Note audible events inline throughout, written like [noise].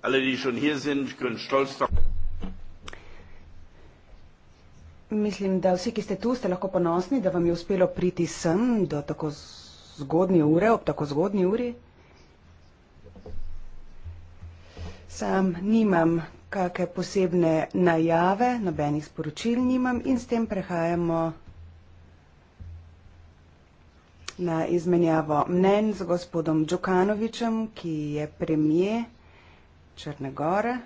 Alle, die schon hier sind, können stolz darauf Mislim, da vsi, ki ste tu, ste lahko ponosni, da vam je uspelo priti sem do tako zgodnje ure, ob tako zgodnji uri. Sam nimam kake posebne najave, nobenih sporočil nimam in s tem prehajamo na izmenjavo mnenj z gospodom Djukanovičem, ki je premije Črne Gore.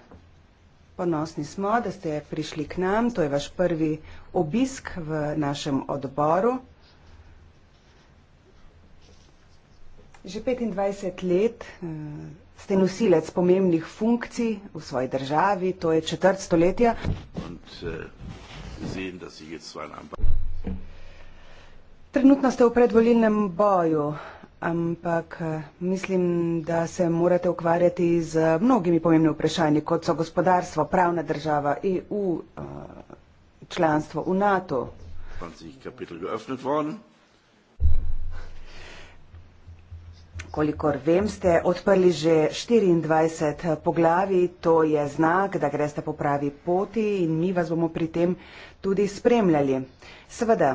Ponosni smo, da ste prišli k nam. To je vaš prvi obisk v našem odboru. Že 25 let eh, ste nosilec pomembnih funkcij v svoji državi, to je četrt stoletja. In, uh, zem, da si jih zdaj zvala. Trenutno ste v predvolilnem boju, ampak eh, mislim, da se morate ukvarjati z mnogimi pomembnimi vprašanji, kot so gospodarstvo, pravna država, EU, eh, članstvo v NATO. Kolikor vem, ste odprli že 24 eh, poglavi, to je znak, da greste po pravi poti in mi vas bomo pri tem tudi spremljali. Seveda,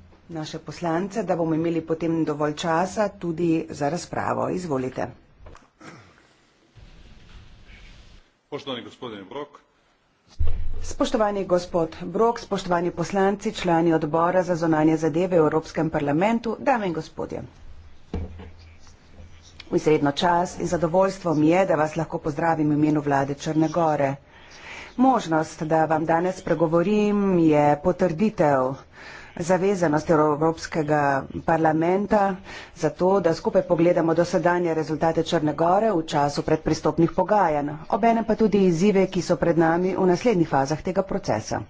naše poslance, da bomo imeli potem dovolj časa tudi za razpravo. Izvolite. Poštovani gospodin Brok. Spoštovani gospod Brok, spoštovani poslanci, člani odbora za zonanje zadeve v Evropskem parlamentu, dame in gospodje. V izredno čas in zadovoljstvo mi je, da vas lahko pozdravim v imenu vlade Črne Gore. Možnost, da vam danes pregovorim, je potrditev zavezanost Evropskega parlamenta za to, da skupaj pogledamo dosedanje rezultate Črne Gore v času predpristopnih pogajanj, obenem pa tudi izzive, ki so pred nami v naslednjih fazah tega procesa.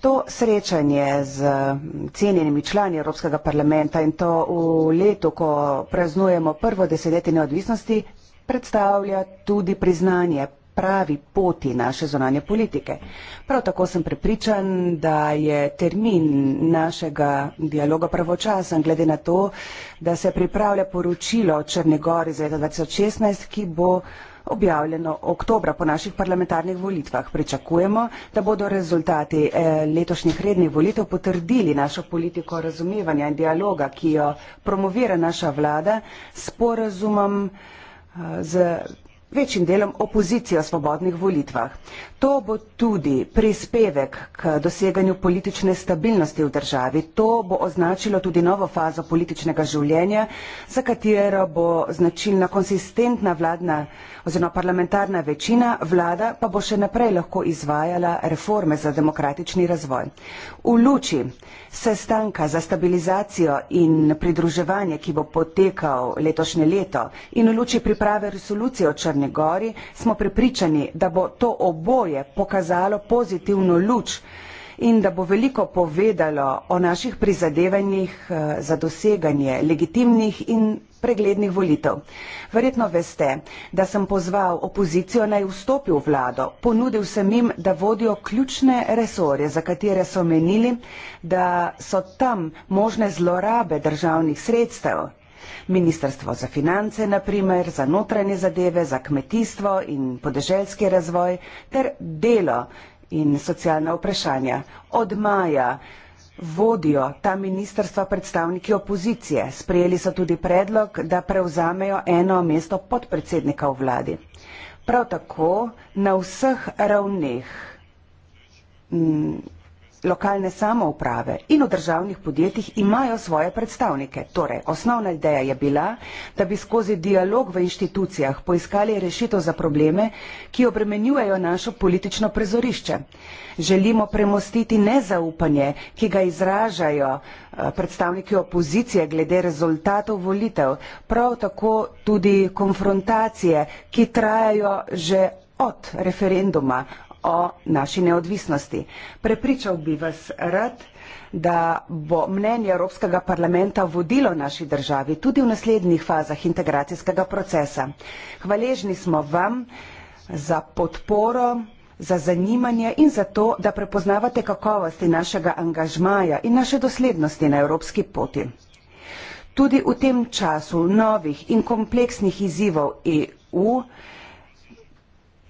To srečanje z cenjenimi člani Evropskega parlamenta in to v letu, ko praznujemo prvo desetletje neodvisnosti, predstavlja tudi priznanje pravi poti naše zonanje politike. Prav tako sem prepričan, da je termin našega dialoga pravočasen, glede na to, da se pripravlja poročilo Črne Gori za leto 2016, ki bo objavljeno oktobra po naših parlamentarnih volitvah. Pričakujemo, da bodo rezultati eh, letošnjih rednih volitev potrdili našo politiko razumevanja in dialoga, ki jo promovira naša vlada s porazumom eh, z večjim delom opozicija v svobodnih volitvah. To bo tudi prispevek k doseganju politične stabilnosti v državi. To bo označilo tudi novo fazo političnega življenja, za katero bo značilna konsistentna vladna oziroma parlamentarna večina, vlada pa bo še naprej lahko izvajala reforme za demokratični razvoj. V luči sestanka za stabilizacijo in pridruževanje, ki bo potekal letošnje leto in v luči priprave resolucije o Črni Gori, smo prepričani, da bo to oboje pokazalo pozitivno luč in da bo veliko povedalo o naših prizadevanjih eh, za doseganje legitimnih in preglednih volitev. Verjetno veste, da sem pozval opozicijo naj vstopi v vlado, ponudil sem jim, da vodijo ključne resorje, za katere so menili, da so tam možne zlorabe državnih sredstev. Ministrstvo za finance, naprimer, za notranje zadeve, za kmetijstvo in podeželski razvoj ter delo in socialna vprašanja. Od maja vodijo ta ministrstva predstavniki opozicije. Sprejeli so tudi predlog, da prevzamejo eno mesto podpredsednika v vladi. Prav tako na vseh ravneh lokalne samouprave in v državnih podjetjih imajo svoje predstavnike. Torej, osnovna ideja je bila, da bi skozi dialog v inštitucijah poiskali rešitev za probleme, ki obremenjujejo našo politično prezorišče. Želimo premostiti nezaupanje, ki ga izražajo eh, predstavniki opozicije glede rezultatov volitev, prav tako tudi konfrontacije, ki trajajo že od referenduma, o naši neodvisnosti. Prepričal bi vas rad, da bo mnenje Evropskega parlamenta vodilo naši državi tudi v naslednjih fazah integracijskega procesa. Hvaležni smo vam za podporo, za zanimanje in za to, da prepoznavate kakovosti našega angažmaja in naše doslednosti na evropski poti. Tudi v tem času novih in kompleksnih izzivov EU,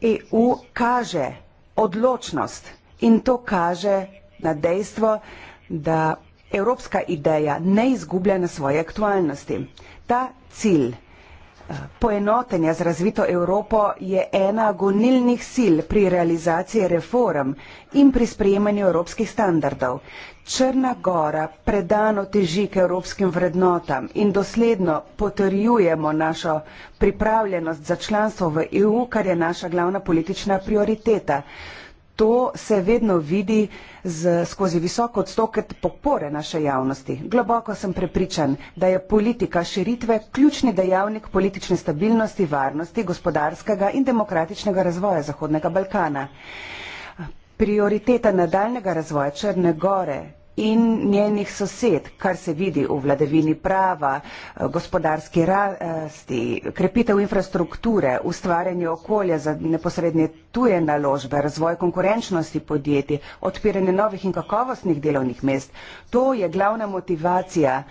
EU kaže odločnost in to kaže na dejstvo, da evropska ideja ne izgublja na svoje aktualnosti. Ta cilj eh, poenotenja z razvito Evropo je ena gonilnih sil pri realizaciji reform in pri sprejemanju evropskih standardov. Črna gora predano teži k evropskim vrednotam in dosledno potrjujemo našo pripravljenost za članstvo v EU, kar je naša glavna politična prioriteta. To se vedno vidi z, skozi visoko odstoket popore naše javnosti. Globoko sem prepričan, da je politika širitve ključni dejavnik politične stabilnosti, varnosti, gospodarskega in demokratičnega razvoja Zahodnega Balkana prioriteta nadaljnjega razvoja črne gore in njenih sosed, kar se vidi v vladavini prava, eh, gospodarski rasti, krepitev infrastrukture, ustvarjanje okolja za neposredne tuje naložbe, razvoj konkurenčnosti podjetij, odpiranje novih in kakovostnih delovnih mest. To je glavna motivacija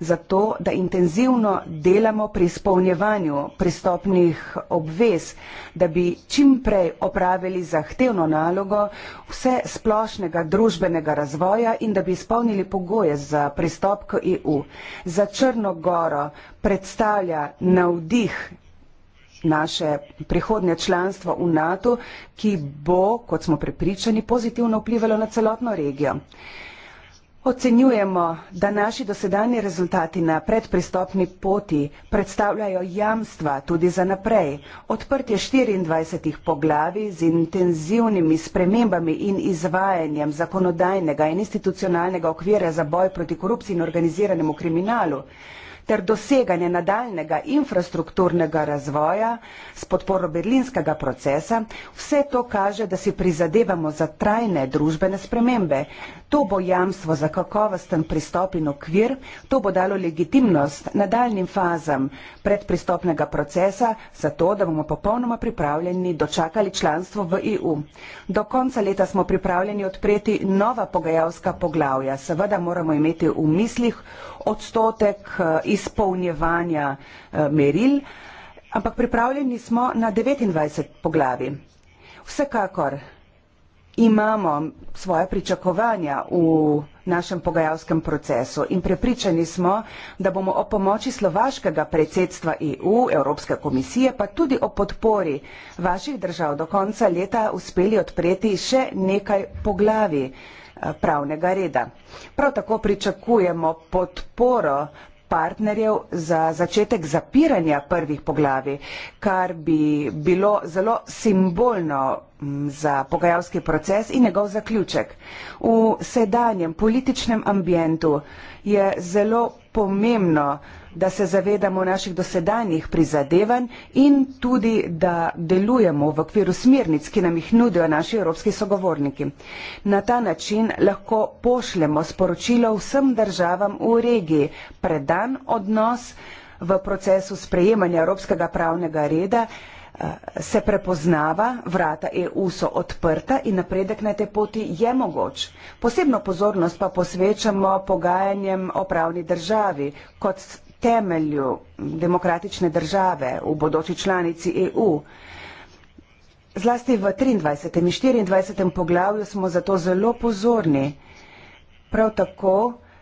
za to, da intenzivno delamo pri izpolnjevanju pristopnih obvez, da bi čim prej opravili zahtevno nalogo vse splošnega družbenega razvoja in da bi bi izpolnili pogoje za pristop k EU, za Črnogoro predstavlja navdih naše prihodnje članstvo v NATO, ki bo, kot smo prepričani, pozitivno vplivalo na celotno regijo. Ocenjujemo, da naši dosedani rezultati na predpristopni poti predstavljajo jamstva tudi za naprej. Odprtje 24 poglavi z intenzivnimi spremembami in izvajanjem zakonodajnega in institucionalnega okvira za boj proti korupciji in organiziranemu kriminalu ter doseganje nadaljnega infrastrukturnega razvoja s podporo berlinskega procesa, vse to kaže, da si prizadevamo za trajne družbene spremembe, To bo jamstvo za kakovosten pristop in okvir, to bo dalo legitimnost nadaljnim fazam predpristopnega procesa, zato da bomo popolnoma pripravljeni dočakali članstvo v EU. Do konca leta smo pripravljeni odpreti nova pogajalska poglavja. Seveda moramo imeti v mislih odstotek eh, izpolnjevanja eh, meril, ampak pripravljeni smo na 29 poglavi. Vsekakor imamo svoje pričakovanja v našem pogajalskem procesu in prepričani smo, da bomo o pomoči slovaškega predsedstva EU, Evropske komisije, pa tudi o podpori vaših držav do konca leta uspeli odpreti še nekaj poglavi eh, pravnega reda. Prav tako pričakujemo podporo partnerjev za začetek zapiranja prvih poglavi, kar bi bilo zelo simbolno za pogajalski proces in njegov zaključek. V sedanjem političnem ambijentu je zelo pomembno, da se zavedamo naših dosedanjih prizadevanj in tudi, da delujemo v okviru smernic, ki nam jih nudijo naši evropski sogovorniki. Na ta način lahko pošljemo sporočilo vsem državam v regiji predan odnos v procesu sprejemanja evropskega pravnega reda eh, se prepoznava, vrata EU so odprta in napredek na te poti je mogoč. Posebno pozornost pa posvečamo pogajanjem o pravni državi, kot temelju demokratične države v bodoči članici EU. Zlasti v 23. in 24. poglavju smo zato zelo pozorni. Prav tako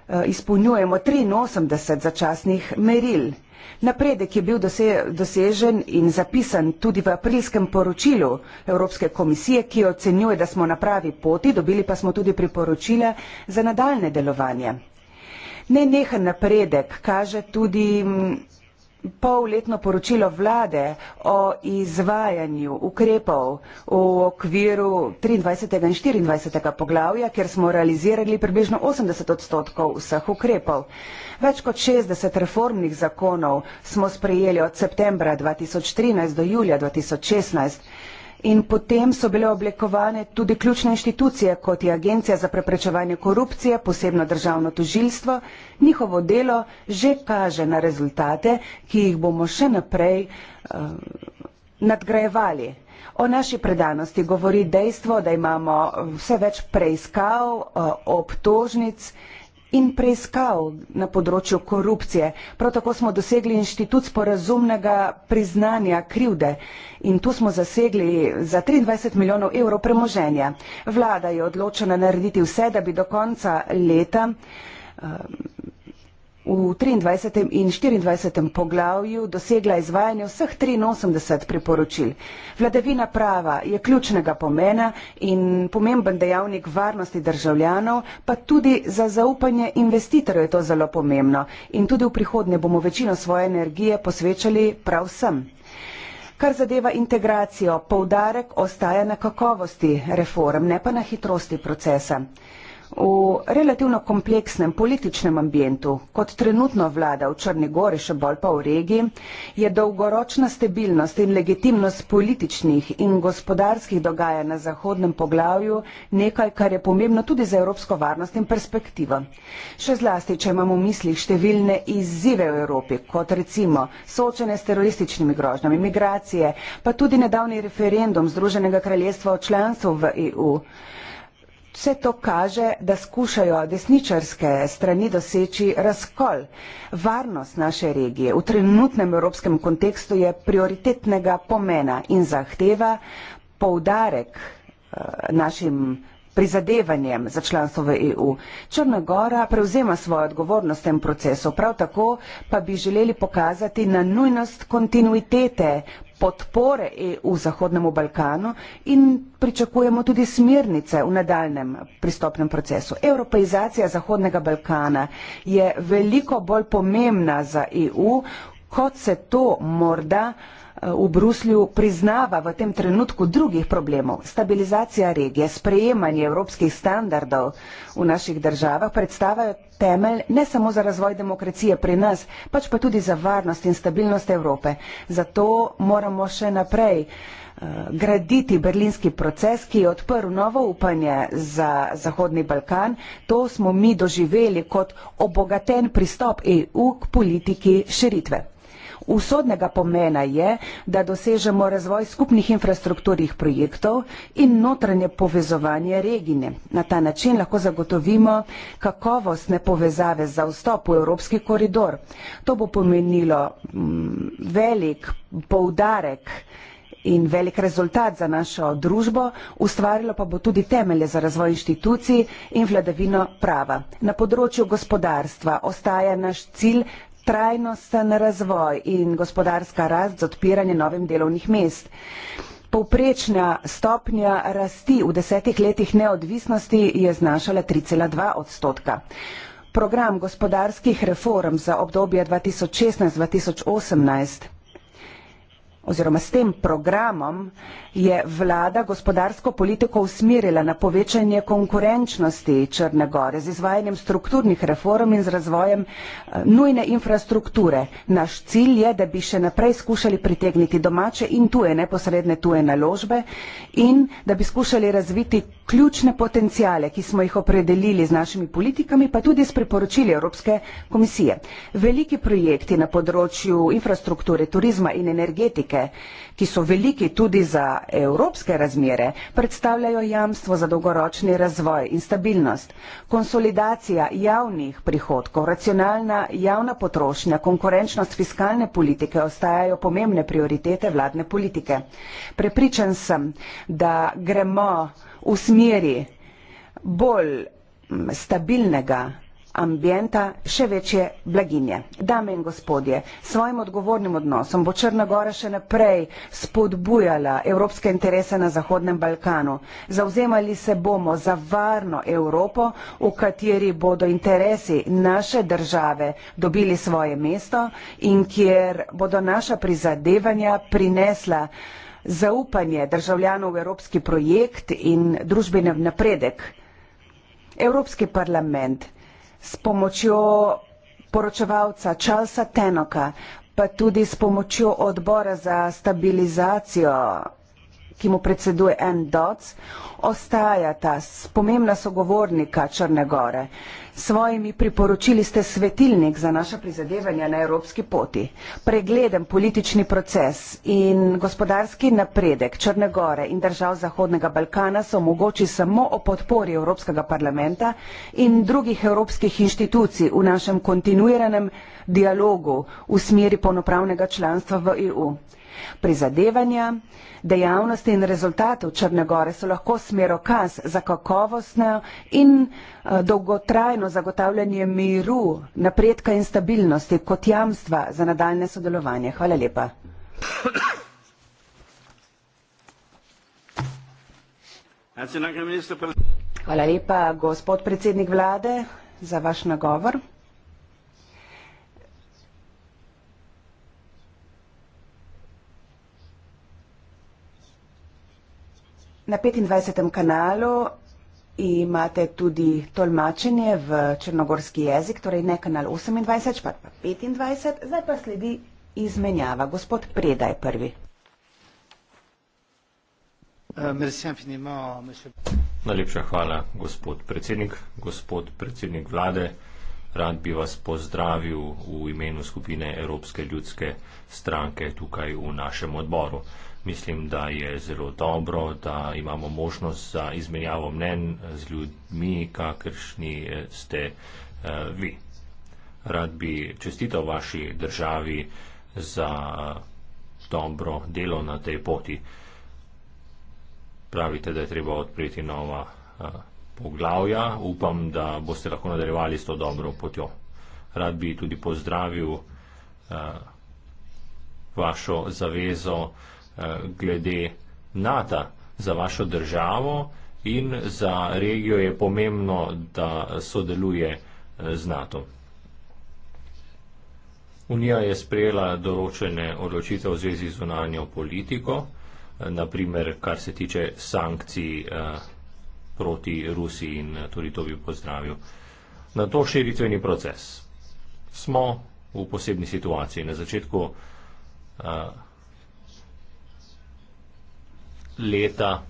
eh, izpolnjujemo 83 začasnih meril. Napredek je bil dosežen in zapisan tudi v aprilskem poročilu Evropske komisije, ki ocenjuje, da smo na pravi poti, dobili pa smo tudi priporočila za nadaljne delovanje. Ne nekaj napredek kaže tudi mm, polletno poročilo vlade o izvajanju ukrepov v okviru 23. in 24. poglavja, kjer smo realizirali približno 80 odstotkov vseh ukrepov. Več kot 60 reformnih zakonov smo sprejeli od septembra 2013 do julija 2016 in potem so bile oblikovane tudi ključne inštitucije, kot je Agencija za preprečevanje korupcije, posebno državno tužilstvo. Njihovo delo že kaže na rezultate, ki jih bomo še naprej uh, nadgrajevali. O naši predanosti govori dejstvo, da imamo vse več preiskav, uh, obtožnic in preiskav na področju korupcije. Prav tako smo dosegli inštitut sporazumnega priznanja krivde in tu smo zasegli za 23 milijonov evrov premoženja. Vlada je odločena narediti vse, da bi do konca leta v 23. in 24. poglavju dosegla izvajanje vseh 83 priporočil. Vladavina prava je ključnega pomena in pomemben dejavnik varnosti državljanov, pa tudi za zaupanje investitorjev je to zelo pomembno in tudi v prihodnje bomo večino svoje energije posvečali prav vsem. Kar zadeva integracijo, poudarek ostaja na kakovosti reform, ne pa na hitrosti procesa. V relativno kompleksnem političnem ambijentu, kot trenutno vlada v Črni Gori, še bolj pa v regiji, je dolgoročna stabilnost in legitimnost političnih in gospodarskih dogajanj na zahodnem poglavju nekaj, kar je pomembno tudi za evropsko varnost in perspektivo. Še zlasti, če imamo v mislih številne izzive v Evropi, kot recimo soočene s terorističnimi grožnjami, migracije, pa tudi nedavni referendum Združenega kraljestva o članstvu v EU. Vse to kaže, da skušajo desničarske strani doseči razkol. Varnost naše regije v trenutnem evropskem kontekstu je prioritetnega pomena in zahteva poudarek eh, našim prizadevanjem za članstvo v EU. Črna Gora prevzema svojo odgovornost v tem procesu, prav tako pa bi želeli pokazati na nujnost kontinuitete podpore EU Zahodnemu Balkanu in pričakujemo tudi smernice v nadaljem pristopnem procesu. Evropeizacija Zahodnega Balkana je veliko bolj pomembna za EU, kot se to morda uh, v Bruslju priznava v tem trenutku drugih problemov. Stabilizacija regije, sprejemanje evropskih standardov v naših državah predstavajo temelj ne samo za razvoj demokracije pri nas, pač pa tudi za varnost in stabilnost Evrope. Zato moramo še naprej eh, graditi berlinski proces, ki je odprl novo upanje za Zahodni Balkan. To smo mi doživeli kot obogaten pristop EU k politiki širitve. Usodnega pomena je, da dosežemo razvoj skupnih infrastrukturnih projektov in notranje povezovanje regine. Na ta način lahko zagotovimo kakovostne povezave za vstop v Evropski koridor. To bo pomenilo mm, velik poudarek in velik rezultat za našo družbo, ustvarilo pa bo tudi temelje za razvoj inštitucij in vladavino prava. Na področju gospodarstva ostaja naš cilj trajnosten razvoj in gospodarska rast z odpiranjem novim delovnih mest. Povprečna stopnja rasti v desetih letih neodvisnosti je znašala 3,2 odstotka. Program gospodarskih reform za obdobje 2016-2018 oziroma s tem programom je vlada gospodarsko politiko usmerila na povečanje konkurenčnosti Črne gore z izvajanjem strukturnih reform in z razvojem eh, nujne infrastrukture. Naš cilj je, da bi še naprej skušali pritegniti domače in tuje neposredne tuje naložbe in da bi skušali razviti ključne potencijale, ki smo jih opredelili z našimi politikami, pa tudi s priporočili Evropske komisije. Veliki projekti na področju infrastrukture, turizma in energetike banke, ki so veliki tudi za evropske razmere, predstavljajo jamstvo za dolgoročni razvoj in stabilnost. Konsolidacija javnih prihodkov, racionalna javna potrošnja, konkurenčnost fiskalne politike ostajajo pomembne prioritete vladne politike. Prepričan sem, da gremo v smeri bolj stabilnega ambijenta še večje blaginje. Dame in gospodje, svojim odgovornim odnosom bo Črna Gora še naprej spodbujala evropske interese na Zahodnem Balkanu. Zauzemali se bomo za varno Evropo, v kateri bodo interesi naše države dobili svoje mesto in kjer bodo naša prizadevanja prinesla zaupanje državljanov v evropski projekt in družbeni napredek. Evropski parlament s pomočjo poročevalca Charlesa Tenoka, pa tudi s pomočjo odbora za stabilizacijo ki mu predseduje en doc, ostajata pomembna sogovornika Črne Gore. Svojimi priporočili ste svetilnik za naša prizadevanja na evropski poti. Pregleden politični proces in gospodarski napredek Črne Gore in držav Zahodnega Balkana so mogoči samo o podpori Evropskega parlamenta in drugih evropskih inštitucij v našem kontinuiranem dialogu v smeri polnopravnega članstva v EU. Prizadevanja, dejavnosti in rezultatov Črnegore so lahko smerokaz za kakovostno in eh, dolgotrajno zagotavljanje miru, napredka in stabilnosti kot jamstva za nadaljne sodelovanje. Hvala lepa. Hvala lepa, gospod predsednik vlade, za vaš nagovor. Na 25. kanalu imate tudi tolmačenje v črnogorski jezik, torej ne kanal 28, pa 25. Zdaj pa sledi izmenjava. Gospod Predaj prvi. Eh, Najlepša hvala, gospod predsednik. Gospod predsednik vlade, rad bi vas pozdravil v imenu skupine Evropske ljudske stranke tukaj v našem odboru mislim, da je zelo dobro, da imamo možnost za izmenjavo mnen z ljudmi, kakršni eh, ste eh, vi. Rad bi čestital vaši državi za dobro delo na tej poti. Pravite, da je treba odpreti nova eh, poglavja. Upam, da boste lahko nadaljevali s to dobro potjo. Rad bi tudi pozdravil vašo zavezo, Eh, glede NATO za vašo državo in za regijo je pomembno, da sodeluje eh, z NATO. Unija je sprejela določene odločitev v zvezi z unanjo politiko, eh, naprimer, kar se tiče sankcij proti Rusiji in tudi to bi pozdravil. Na to širitveni proces. Smo v posebni situaciji. Na začetku leta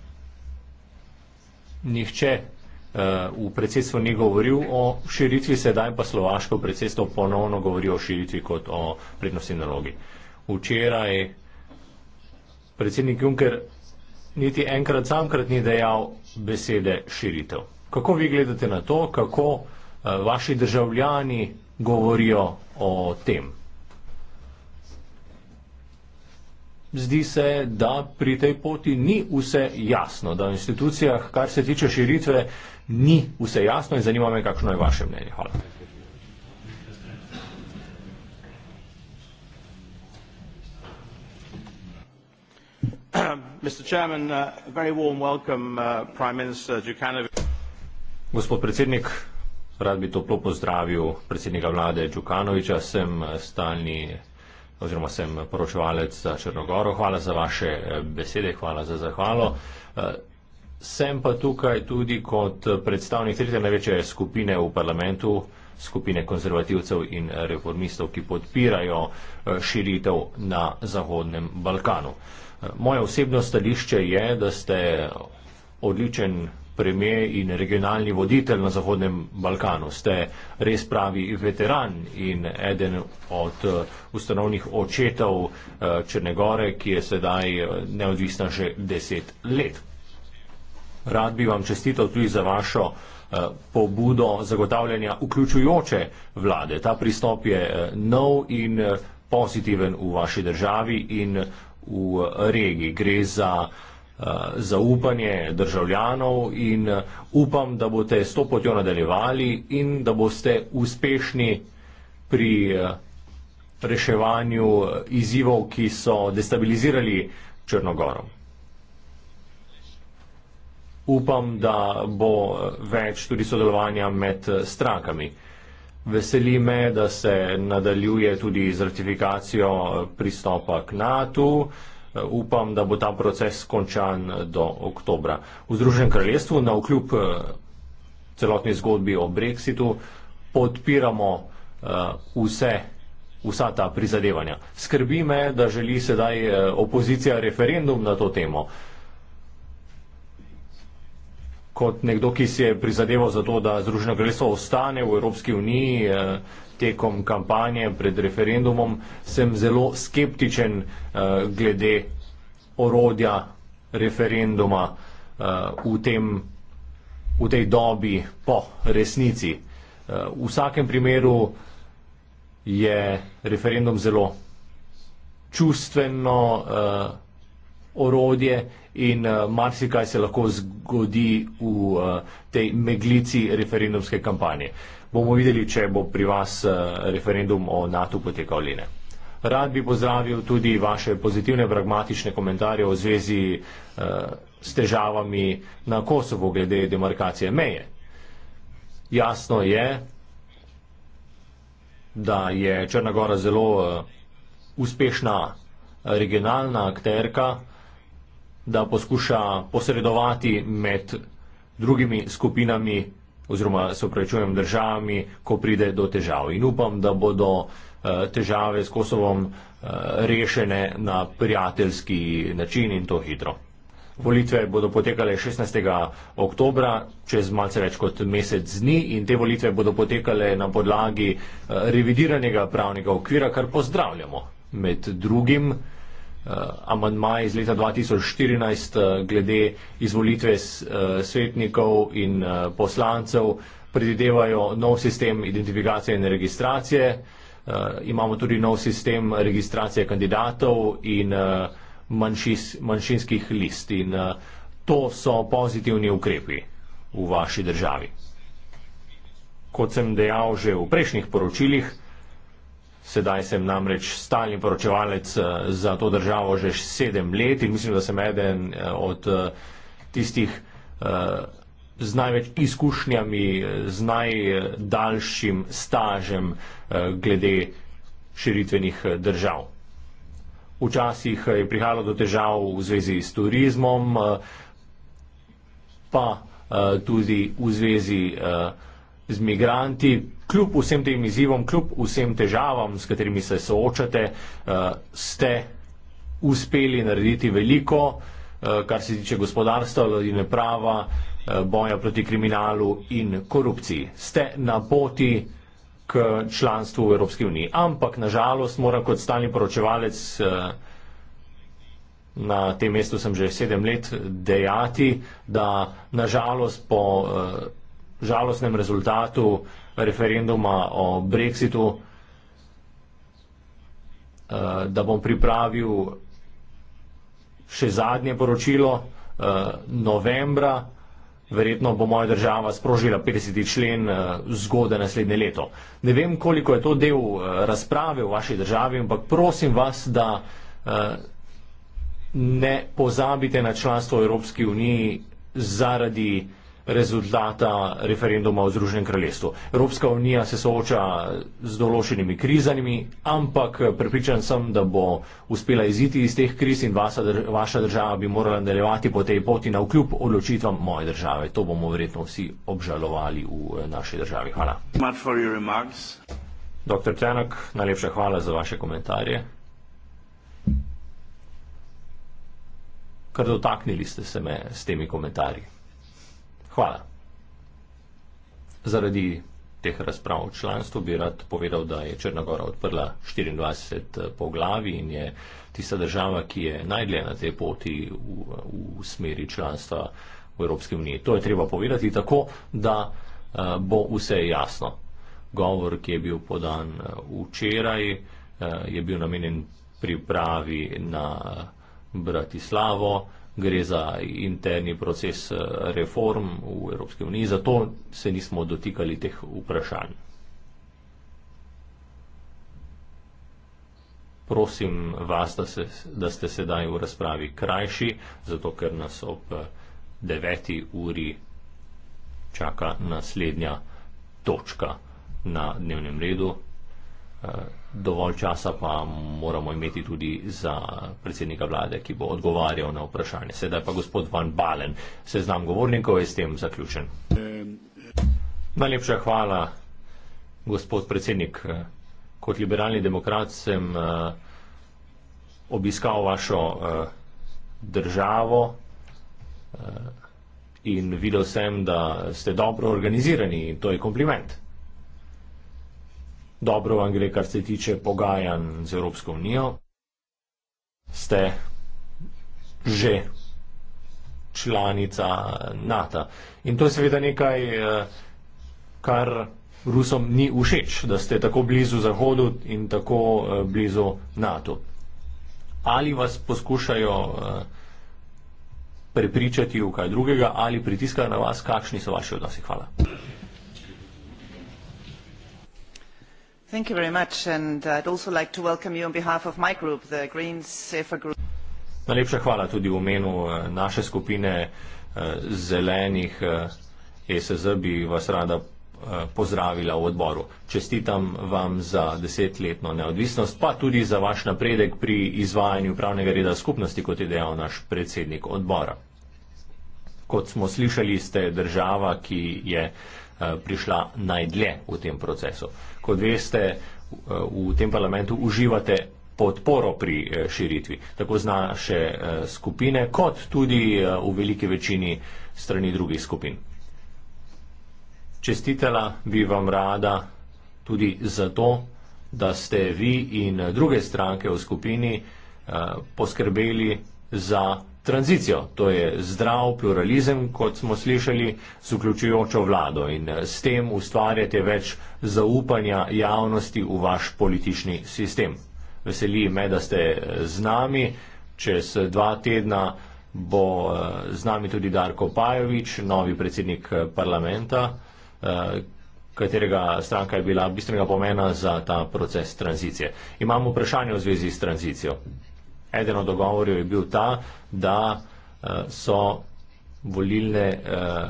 nihče uh, v predsedstvu ni govoril o širitvi, sedaj pa slovaško predsedstvo ponovno govori o širitvi kot o prednosti nalogi. Včeraj predsednik Juncker niti enkrat samkrat ni dejal besede širitev. Kako vi gledate na to, kako uh, vaši državljani govorijo o tem? zdi se, da pri tej poti ni vse jasno, da v institucijah, kar se tiče širitve, ni vse jasno in zanima me, kakšno je vaše mnenje. Hvala. [clears throat] Mr. Chairman, uh, very warm welcome, uh, Prime Minister Djukanovic. Gospod predsednik, rad bi toplo pozdravil predsednika vlade Djukanoviča, sem uh, stalni oziroma sem poročevalec za Črnogoro. Hvala za vaše eh, besede, hvala za zahvalo. Eh, sem pa tukaj tudi kot predstavnik tretje največje skupine v parlamentu, skupine konzervativcev in reformistov, ki podpirajo eh, širitev na Zahodnem Balkanu. Moje osebno stališče je, da ste odličen premijer in regionalni voditelj na Zahodnem Balkanu. Ste res pravi veteran in eden od eh, ustanovnih očetov eh, Črnegore, ki je sedaj eh, neodvisna že deset let. Rad bi vam čestital tudi za vašo pobudo zagotavljanja vključujoče vlade. Ta pristop je nov in pozitiven v vaši državi in v regiji. Gre za Eh, zaupanje državljanov in eh, upam, da boste s to potjo nadaljevali in da boste uspešni pri eh, reševanju izzivov, ki so destabilizirali Črnogoro. Upam, da bo več tudi sodelovanja med strankami. Veseli me, da se nadaljuje tudi z ratifikacijo pristopa k NATO-u. Eh, upam, da bo ta proces končan eh, do oktobra. V Združenem kraljestvu na vkljub eh, celotni zgodbi o brexitu podpiramo vse, vsa ta prizadevanja. Skrbi me, da želi sedaj opozicija referendum na to temo kot nekdo, ki si je prizadeval za to, da Združeno kraljestvo ostane v Evropski uniji eh, tekom kampanje pred referendumom, sem zelo skeptičen eh, glede orodja referenduma eh, v, tem, v tej dobi po resnici. V vsakem primeru je referendum zelo čustveno orodje in uh, marsikaj se lahko zgodi v uh, tej meglici referendumske kampanje. Bomo videli, če bo pri vas uh, referendum o NATO potekal ali ne. Rad bi pozdravil tudi vaše pozitivne, pragmatične komentarje v zvezi uh, s težavami na Kosovo glede demarkacije meje. Jasno je, da je Črna Gora zelo uh, uspešna regionalna akterka, uh, da poskuša posredovati med drugimi skupinami oziroma se upravičujem državami, ko pride do težav. In upam, da bodo eh, težave s Kosovom eh, rešene na prijateljski način in to hitro. Volitve bodo potekale 16. oktober, čez malce več kot mesec dni in te volitve bodo potekale na podlagi eh, revidiranega pravnega okvira, kar pozdravljamo. Med drugim Eh, amandmaj iz leta 2014 eh, glede izvolitve eh, svetnikov in poslancev predvidevajo nov sistem identifikacije in registracije. Imamo tudi nov sistem registracije kandidatov in manjšinskih list. In to so pozitivni ukrepi v vaši državi. Kot sem dejal že v prejšnjih poročilih, Sedaj sem namreč stalni poročevalec eh, za to državo že sedem let in mislim, da sem eden eh, od eh, tistih z največ izkušnjami, z najdaljšim stažem glede širitvenih držav. Včasih je prihajalo do težav v zvezi s turizmom, pa tudi v zvezi z migranti, kljub vsem tem izzivom, kljub vsem težavam, s katerimi se soočate, uh, ste uspeli narediti veliko, uh, kar se tiče gospodarstva, vladine prava, uh, boja proti kriminalu in korupciji. Ste na poti k članstvu v Evropski uniji. Ampak, nažalost, moram kot stalni poročevalec, na tem mestu sem že sedem let, dejati, da nažalost po žalostnem rezultatu referenduma o Brexitu, eh, da bom pripravil še zadnje poročilo eh, novembra, verjetno bo moja država sprožila 50. člen eh, zgode naslednje leto. Ne vem, koliko je to del razprave v vaši državi, ampak prosim vas, da ne pozabite na članstvo v Evropski uniji zaradi rezultata referenduma o Združenem kraljestvu. Evropska unija se sooča z določenimi krizami, ampak prepričan sem, da bo uspela iziti iz teh kriz in vasa, vaša država bi morala nadaljevati po tej poti na vkljub odločitvam moje države. To bomo verjetno vsi obžalovali v eh, naši državi. Hvala. Doktor Tjanak, najlepša hvala za vaše komentarje. Kar dotaknili ste se me s temi komentarji. Hvala. Zaradi teh razprav o članstvu bi rad povedal, da je Črnagora odprla 24 eh, poglavi in je tista država, ki je najdlje na tej poti v, v smeri članstva v Evropski uniji. To je treba povedati tako, da eh, bo vse jasno. Govor, ki je bil podan eh, včeraj, je bil namenjen pripravi na Bratislavo, gre za interni proces eh, reform v Evropski uniji, zato se nismo dotikali teh vprašanj. Prosim vas, da, se, da ste sedaj v razpravi krajši, zato ker nas ob 9. Eh, uri čaka naslednja točka na dnevnem redu. Eh, dovolj časa pa moramo imeti tudi za predsednika vlade, ki bo odgovarjal na vprašanje. Sedaj pa gospod Van Balen, seznam govornikov je s tem zaključen. Najlepša hvala, gospod predsednik. Kot liberalni demokrat sem eh, obiskal vašo eh, državo eh, in videl sem, da ste dobro organizirani in to je kompliment dobro vam gre, kar se tiče pogajanj z Evropsko unijo, ste že članica NATO. In to je seveda nekaj, eh, kar Rusom ni všeč, da ste tako blizu Zahodu in tako eh, blizu NATO. Ali vas poskušajo eh, prepričati v kaj drugega, ali pritiskajo na vas, kakšni so vaši odnosi. Hvala. thank you very much and i'd also like to welcome you on behalf of my group the green safer group najlepša hvala tudi v imenu eh, naše skupine eh, zelenih ESZ eh, bi vas rada pozdravila v odboru. Čestitam vam za desetletno neodvisnost, pa tudi za vaš napredek pri izvajanju pravnega reda skupnosti, kot je dejal naš predsednik odbora. Kot smo slišali, ste država, ki je prišla najdlje v tem procesu kot veste, v tem parlamentu uživate podporo pri eh, širitvi, tako z naše eh, skupine, kot tudi eh, v veliki večini strani drugih skupin. Čestitela bi vam rada tudi zato, da ste vi in druge stranke v skupini poskrbeli za tranzicijo, to je zdrav pluralizem, kot smo slišali, z vključujočo vlado in eh, s tem ustvarjate več zaupanja javnosti v vaš politični sistem. Veseli me, da ste eh, z nami. Čez eh, dva tedna bo z nami tudi Darko Pajovič, novi predsednik parlamenta, katerega stranka je bila bistvenega pomena za ta proces tranzicije. Imamo vprašanje v zvezi s tranzicijo. Eden od dogovorjev je bil ta, da uh, so volilne, uh,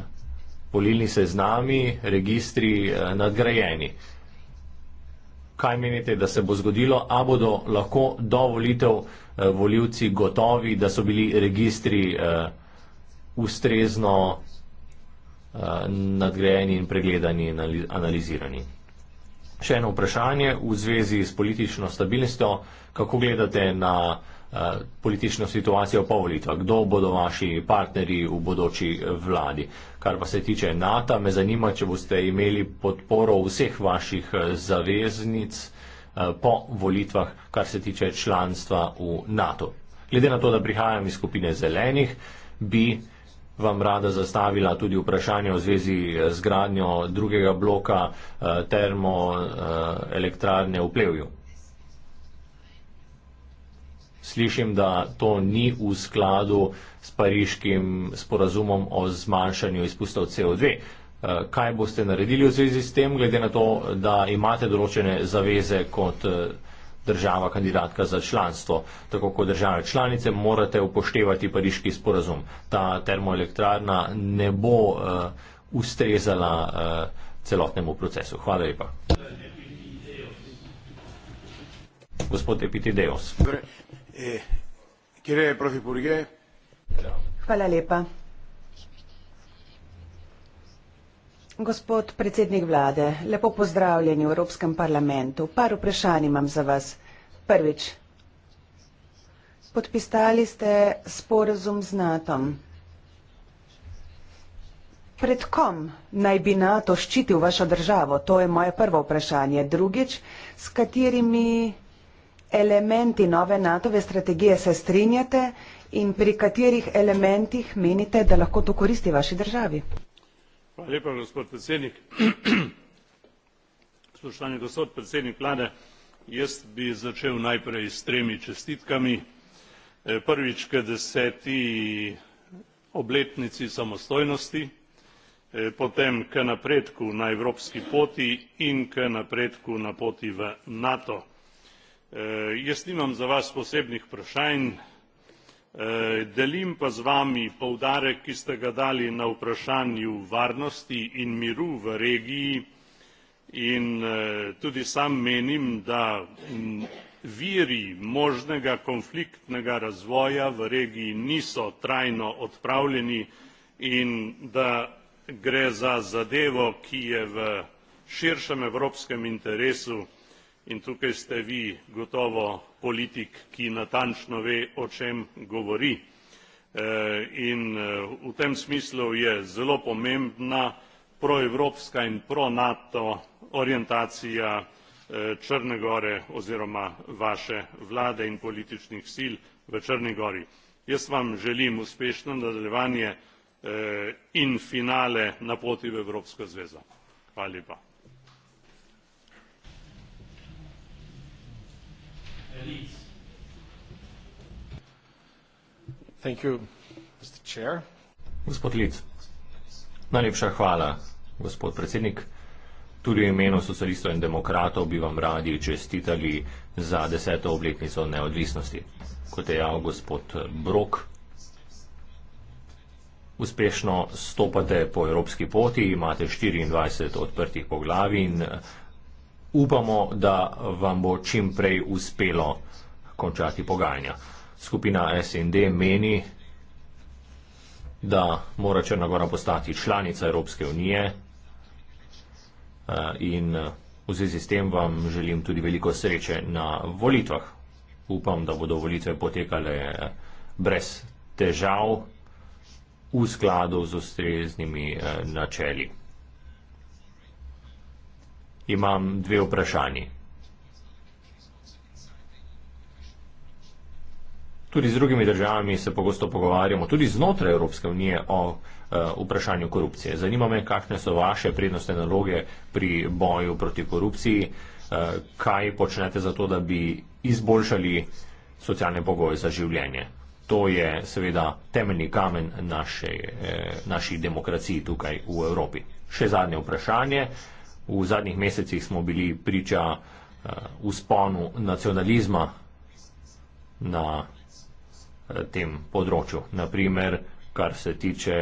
volilni seznami, registri uh, nadgrajeni. Kaj menite, da se bo zgodilo? A bodo lahko do volitev uh, voljivci gotovi, da so bili registri uh, ustrezno uh, nadgrajeni in pregledani in analizirani? Še eno vprašanje v zvezi s politično stabilnostjo. Kako gledate na Eh, politično situacijo po volitvah, kdo bodo vaši partnerji v bodoči vladi. Kar pa se tiče NATO, me zanima, če boste imeli podporo vseh vaših eh, zaveznic eh, po volitvah, kar se tiče članstva v NATO. Glede na to, da prihajam iz skupine zelenih, bi vam rada zastavila tudi vprašanje v zvezi z gradnjo drugega bloka termoelektrarne v Plevju slišim, da to ni v skladu s pariškim sporazumom o zmanjšanju izpustov CO2. Eh, kaj boste naredili v zvezi s tem, glede na to, da imate določene zaveze kot eh, država kandidatka za članstvo? Tako kot države članice morate upoštevati pariški sporazum. Ta termoelektrarna ne bo uh, ustrezala uh, celotnemu procesu. Hvala lepa. Gospod Epitideos. Eh, Hvala lepa. Gospod predsednik vlade, lepo pozdravljeni v Evropskem parlamentu. Par vprašanj imam za vas. Prvič, podpisali ste sporazum z Natom. Pred kom naj bi Nato ščitil vašo državo? To je moje prvo vprašanje. Drugič, s katerimi elementi nove NATO-ve strategije se strinjate in pri katerih elementih menite, da lahko to koristi vaši državi? Hvala lepa, gospod predsednik. Spoštovani gospod predsednik vlade, jaz bi začel najprej s tremi čestitkami. E, prvič k deseti obletnici samostojnosti, e, potem k napredku na evropski poti in k napredku na poti v NATO. Eh, jaz nimam za vas posebnih vprašanj eh, delim pa z vami poudarek ki ste ga dali na vprašanju varnosti in miru v regiji in eh, tudi sam menim da viri možnega konfliktnega razvoja v regiji niso trajno odpravljeni in da gre za zadevo ki je v širšem evropskem interesu in tukaj ste vi gotovo politik ki natančno ve o čem govori e, in e, v tem smislu je zelo pomembna proevropska in pronato orientacija e, črne gore oziroma vaše vlade in političnih sil v črni gori jaz vam želim uspešno nadaljevanje in finale na poti v evropsko zvezo hvala lepa please. Thank you, Mr. Chair. Gospod Lid, najlepša hvala, gospod predsednik. Tudi v imenu socialistov in demokratov bi vam radi čestitali za deseto obletnico neodvisnosti. Kot je jav gospod Brok, uspešno stopate po evropski poti, imate 24 odprtih poglavi in Upamo, da vam bo čim prej uspelo končati pogajanja. Skupina SND meni, da mora Črnagora postati članica Evropske unije eh, in eh, v zvezi s tem vam želim tudi veliko sreče na volitvah. Upam, da bodo volitve potekale eh, brez težav v skladu z ustreznimi načeli imam dve vprašanji. Tudi z drugimi državami se pogosto pogovarjamo, tudi znotraj Evropske unije, o e, vprašanju korupcije. Zanima me, kakšne so vaše prednostne naloge pri boju proti korupciji, e, kaj počnete za to, da bi izboljšali socialne pogoje za življenje. To je seveda temeljni kamen naših e, naši demokracij tukaj v Evropi. Še zadnje vprašanje v zadnjih mesecih smo bili priča uh, eh, usponu nacionalizma na uh, tem področju. Naprimer, kar se tiče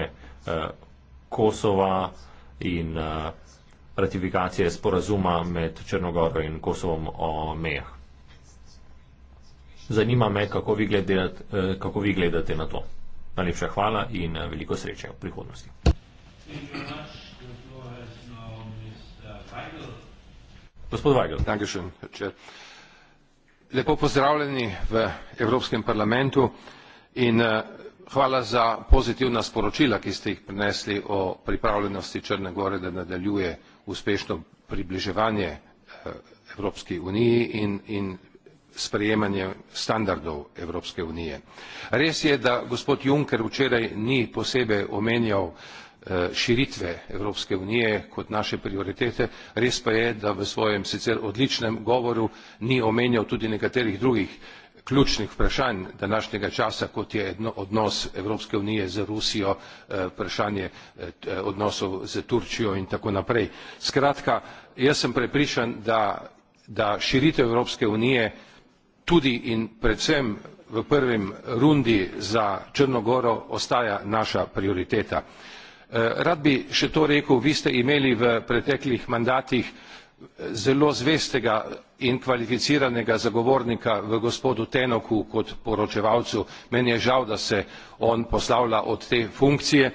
uh, Kosova in uh, ratifikacije sporazuma med Črnogoro in Kosovom o mejah. Zanima me, kako vi, gledat, uh, kako vi gledate na to. Najlepša hvala in veliko sreče v prihodnosti. Thank you very much. gospod Weigel. Dankeschön, Herr Chair. Lepo pozdravljeni v Evropskem parlamentu in eh, hvala za pozitivna sporočila, ki ste jih prinesli o pripravljenosti Črne gore, da nadaljuje uspešno približevanje eh, Evropski uniji in, in sprejemanje standardov Evropske unije. Res je, da gospod Juncker včeraj ni posebej omenjal uh, Eh, širitve evropske unije kot naše prioritete res pa je da v svojem sicer odličnem govoru ni omenjal tudi nekaterih drugih ključnih vprašanj današnjega časa kot je odnos evropske unije z rusijo eh, vprašanje eh, odnosov z turčijo in tako naprej skratka jaz sem prepričan da, da širitev evropske unije tudi in predvsem v prvem rundi za črno goro ostaja naša prioriteta. Eh, rad bi še to rekel vi ste imeli v preteklih mandatih eh, zelo zvestega in kvalificiranega zagovornika v gospodu Tenoku kot poročevalcu. Meni je žal, da se on poslavlja od te funkcije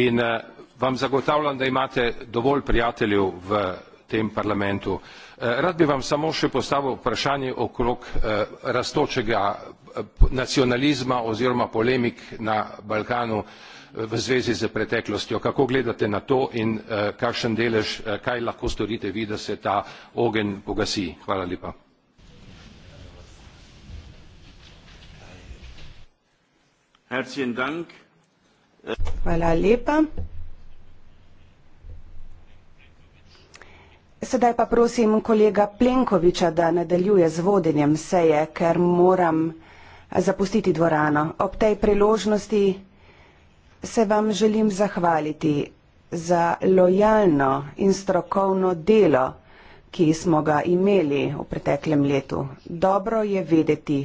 in eh, vam zagotavljam, da imate dovolj prijateljev v tem parlamentu. Rad bi vam samo še postavil vprašanje okrog rastočega nacionalizma oziroma polemik na Balkanu v zvezi z preteklostjo. Kako gledate na to in eh, kakšen delež, eh, kaj lahko storite vi, da se ta ogenj pogasi? Hvala lepa. Hvala lepa. Sedaj pa prosim kolega Plenkoviča, da nadaljuje z vodenjem seje, ker moram zapustiti dvorano. Ob tej priložnosti se vam želim zahvaliti za lojalno in strokovno delo, ki smo ga imeli v preteklem letu. Dobro je vedeti,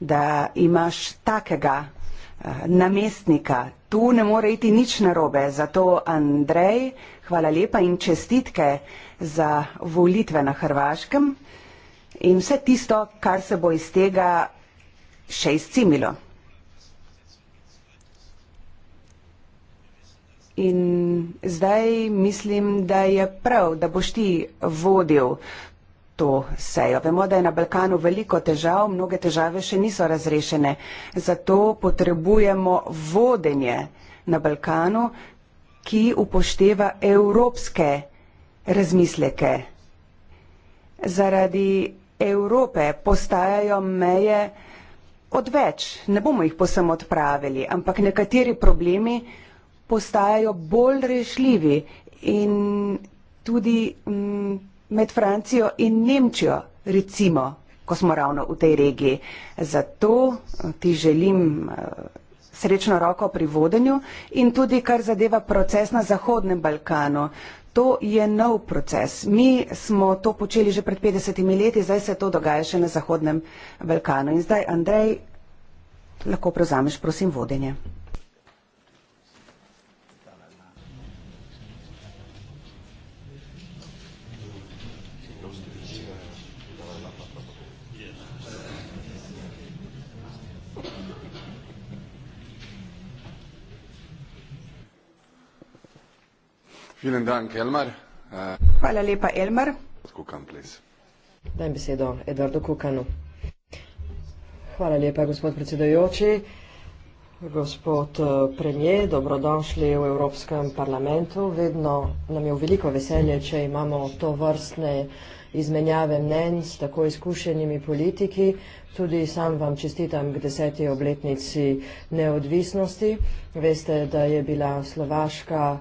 da imaš takega eh, namestnika. Tu ne more iti nič narobe, zato Andrej, hvala lepa in čestitke za volitve na Hrvaškem in vse tisto, kar se bo iz tega še izcimilo. In zdaj mislim, da je prav, da boš ti vodil to sejo. Vemo, da je na Balkanu veliko težav, mnoge težave še niso razrešene. Zato potrebujemo vodenje na Balkanu, ki upošteva evropske razmisleke. Zaradi Evrope postajajo meje odveč. Ne bomo jih posem odpravili, ampak nekateri problemi postajajo bolj rešljivi in tudi m, mm, med Francijo in Nemčijo, recimo, ko smo ravno v tej regiji. Zato eh, ti želim eh, srečno roko pri vodenju in tudi kar zadeva proces na Zahodnem Balkanu. To je nov proces. Mi smo to počeli že pred 50 leti, zdaj se to dogaja še na Zahodnem Balkanu. In zdaj, Andrej, lahko prevzameš, prosim, vodenje. Hvala lepa, Elmar. Dajem besedo Edvardu Kukanu. Hvala lepa, gospod predsedojoči. Gospod eh, premijer, dobrodošli v Evropskem parlamentu. Vedno nam je v veliko veselje, če imamo to vrstne izmenjave mnen s tako izkušenimi politiki. Tudi sam vam čestitam k deseti obletnici neodvisnosti. Veste, da je bila slovaška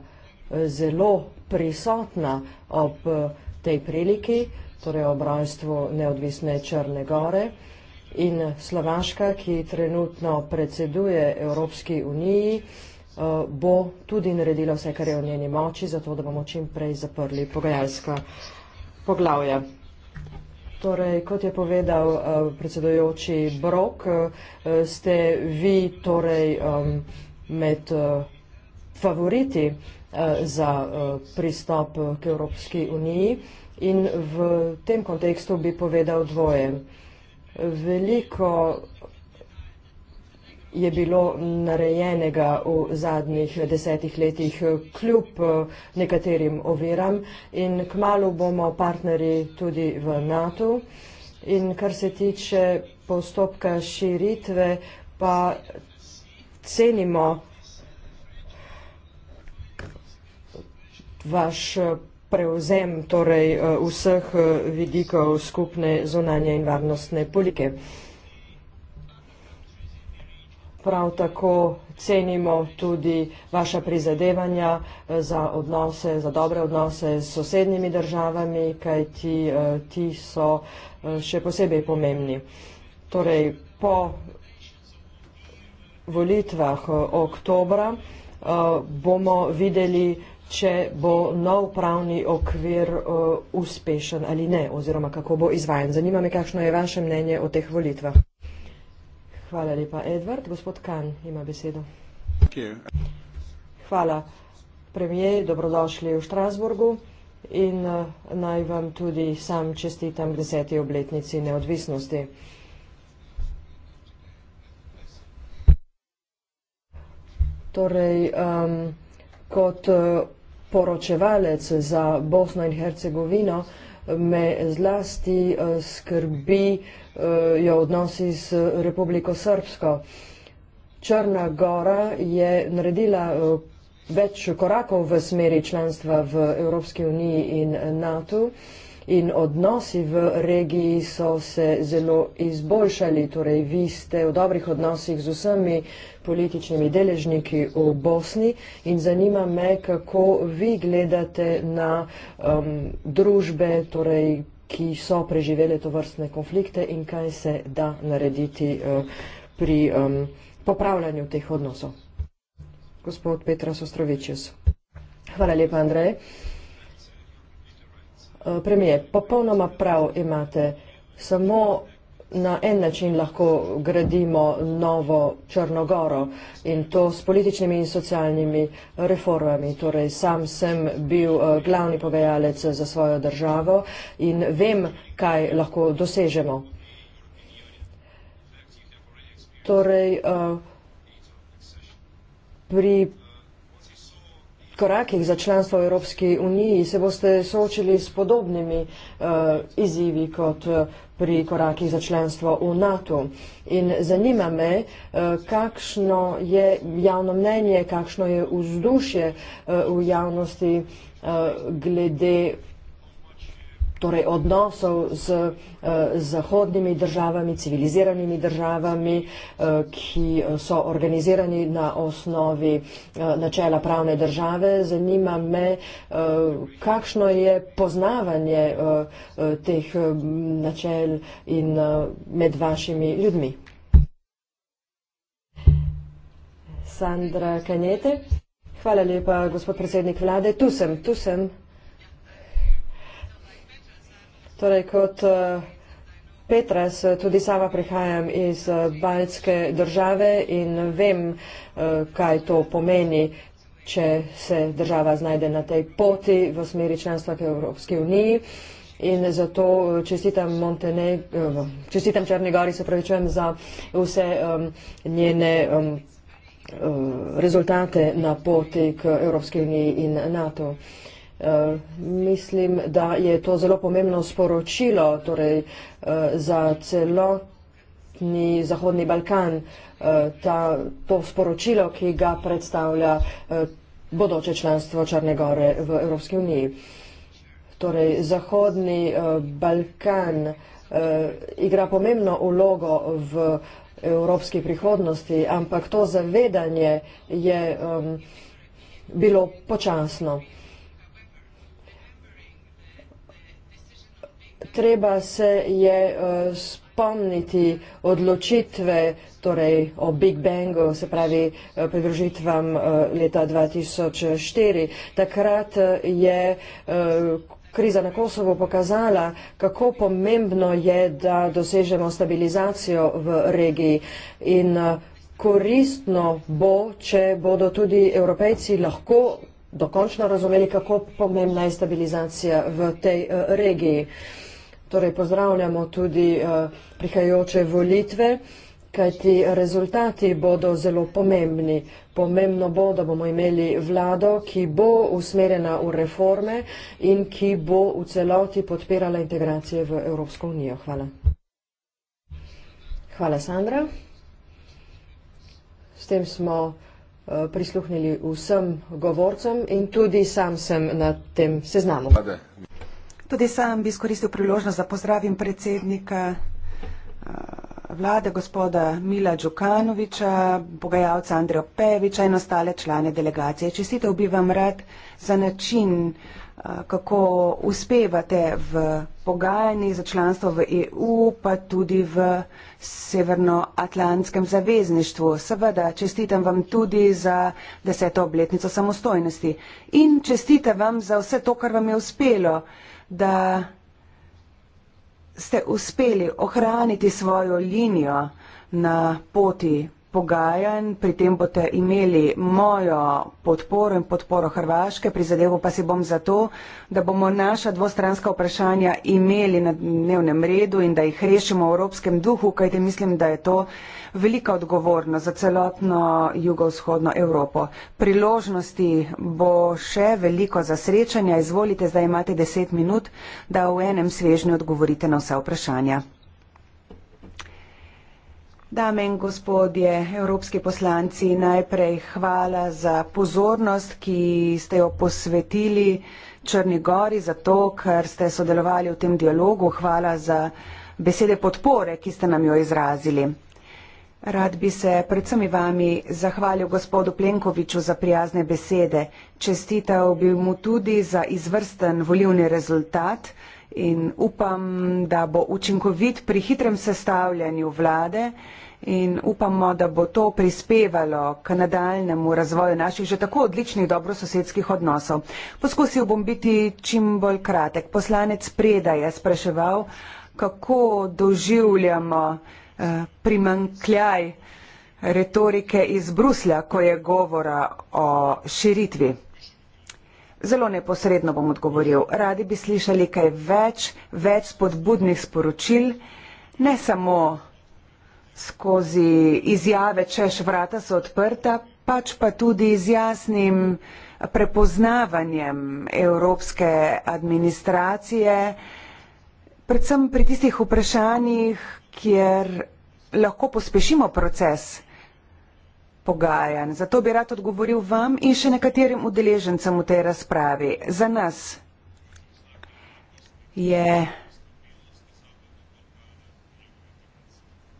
zelo prisotna ob eh, tej priliki, torej obrojstvu neodvisne Črne Gore in Slovaška, ki trenutno predseduje Evropski uniji, eh, bo tudi naredila vse, kar je v njeni moči, zato da bomo čim prej zaprli pogajalska poglavja. Torej, kot je povedal eh, predsedujoči Brok, ste vi torej med favoriti Eh, za eh, pristop eh, k Evropski uniji in v tem kontekstu bi povedal dvoje. Veliko je bilo narejenega v zadnjih desetih letih kljub nekaterim oviram in kmalo bomo partneri tudi v NATO in kar se tiče postopka širitve, pa cenimo vaš eh, prevzem torej eh, vseh eh, vidikov skupne zunanje in varnostne politike. Prav tako cenimo tudi vaša prizadevanja za odnose, za dobre odnose s sosednjimi državami, kajti ti so še posebej pomembni. Torej, po volitvah oktobra bomo videli vsega, če bo nov pravni okvir uh, uspešen ali ne, oziroma kako bo izvajen. Zanima me, kakšno je vaše mnenje o teh volitvah. Hvala lepa, Edvard. Gospod Kan ima besedo. Hvala, premijer, dobrodošli v Štrasburgu in uh, naj vam tudi sam čestitam deseti obletnici neodvisnosti. Torej, um, kot uh, poročevalec za Bosno in Hercegovino, me zlasti eh, skrbi eh, jo odnosi z Republiko Srbsko. Črna Gora je naredila eh, več korakov v smeri članstva v Evropski uniji in NATO-u in odnosi v regiji so se zelo izboljšali. Torej, vi ste v dobrih odnosih z vsemi političnimi deležniki v Bosni in zanima me, kako vi gledate na um, družbe, torej, ki so preživele to vrstne konflikte in kaj se da narediti uh, pri um, popravljanju teh odnosov. Gospod Petra Sostrovičius. Hvala lepa, Andrej. Eh, premije, popolnoma prav imate, samo na en način lahko gradimo novo Črnogoro in to s političnimi in socialnimi reformami. Torej, sam sem bil eh, glavni pogajalec za svojo državo in vem, kaj lahko dosežemo. Torej, eh, pri korakih za članstvo v Evropski uniji se boste soočili s podobnimi uh, izzivi kot eh, pri korakih za članstvo v NATO. In zanima me, uh, kakšno je javno mnenje, kakšno je vzdušje uh, v javnosti uh, glede torej odnosov z, eh, z zahodnimi državami, civiliziranimi državami, eh, ki so organizirani na osnovi eh, načela pravne države. Zanima me, kakšno je poznavanje teh načel in med vašimi ljudmi. Sandra Kanjete. Hvala lepa, gospod predsednik vlade. Tu sem, tu sem. Torej, kot eh, Petras, eh, tudi sama prihajam iz eh, Baljske države in vem, kaj to pomeni, če se država znajde na tej poti v smeri članstva v Evropski uniji. In zato čestitam, Monteneg čestitam Črnegori, se pravi, čujem za vse um, njene um, rezultate na poti k Evropski uniji in NATO. Uh, Eh, mislim, da je to zelo pomembno sporočilo torej, eh, za celotni Zahodni Balkan, eh, ta, to sporočilo, ki ga predstavlja bodoče članstvo Črne Gore v Evropski uniji. Torej, Zahodni Balkan igra pomembno ulogo v evropski prihodnosti, ampak to zavedanje je um, bilo počasno. treba se je eh, spomniti odločitve torej o Big Bangu, se pravi eh, pridružitvam eh, leta 2004. Takrat je kriza na Kosovo pokazala, kako pomembno je, da dosežemo stabilizacijo v regiji in koristno bo, če bodo tudi evropejci lahko dokončno razumeli, kako pomembna je stabilizacija v tej regiji torej pozdravljamo tudi eh, prihajajoče volitve, kajti rezultati bodo zelo pomembni. Pomembno bo, da bomo imeli vlado, ki bo usmerjena v reforme in ki bo v celoti podpirala integracije v Evropsko unijo. Hvala. Hvala, Sandra. S tem smo eh, prisluhnili vsem govorcem in tudi sam sem na tem seznamu. Tudi sam bi izkoristil priložnost, da pozdravim predsednika eh, vlade, gospoda Mila Đukanoviča, pogajalca Andreja Peviča in ostale člane delegacije. Čestitev bi vam rad za način, eh, kako uspevate v pogajanji za članstvo v EU, pa tudi v Severnoatlantskem zavezništvu. Seveda, čestitam vam tudi za deseto obletnico samostojnosti in čestitam vam za vse to, kar vam je uspelo da ste uspeli ohraniti svojo linijo na poti pogajanj, pri tem boste imeli mojo podporo in podporo Hrvaške, prizadeval pa si bom za to, da bomo naša dvostranska vprašanja imeli na dnevnem redu in da jih rešimo v evropskem duhu, kajti mislim, da je to velika odgovornost za celotno jugovzhodno Evropo. Priložnosti bo še veliko za srečanja, izvolite, zdaj imate deset minut, da v enem svežnju odgovorite na vsa vprašanja. Dame in gospodje, evropski poslanci, najprej hvala za pozornost, ki ste jo posvetili Črni Gori, zato ker ste sodelovali v tem dialogu. Hvala za besede podpore, ki ste nam jo izrazili. Rad bi se predvsem vami zahvalil gospodu Plenkoviču za prijazne besede. Čestital bi mu tudi za izvrsten volivni rezultat in upam, da bo učinkovit pri hitrem sestavljanju vlade in upamo, da bo to prispevalo k nadaljnemu razvoju naših že tako odličnih dobrososedskih odnosov. Poskusil bom biti čim bolj kratek. Poslanec Preda je spraševal, kako doživljamo eh, primankljaj retorike iz Bruslja, ko je govora o širitvi. Zelo neposredno bom odgovoril. Radi bi slišali kaj več, več spodbudnih sporočil, ne samo skozi izjave, češ vrata so odprta, pač pa tudi z jasnim prepoznavanjem evropske administracije, predvsem pri tistih vprašanjih, kjer lahko pospešimo proces pogajanj. Zato bi rad odgovoril vam in še nekaterim udeležencem v tej razpravi. Za nas je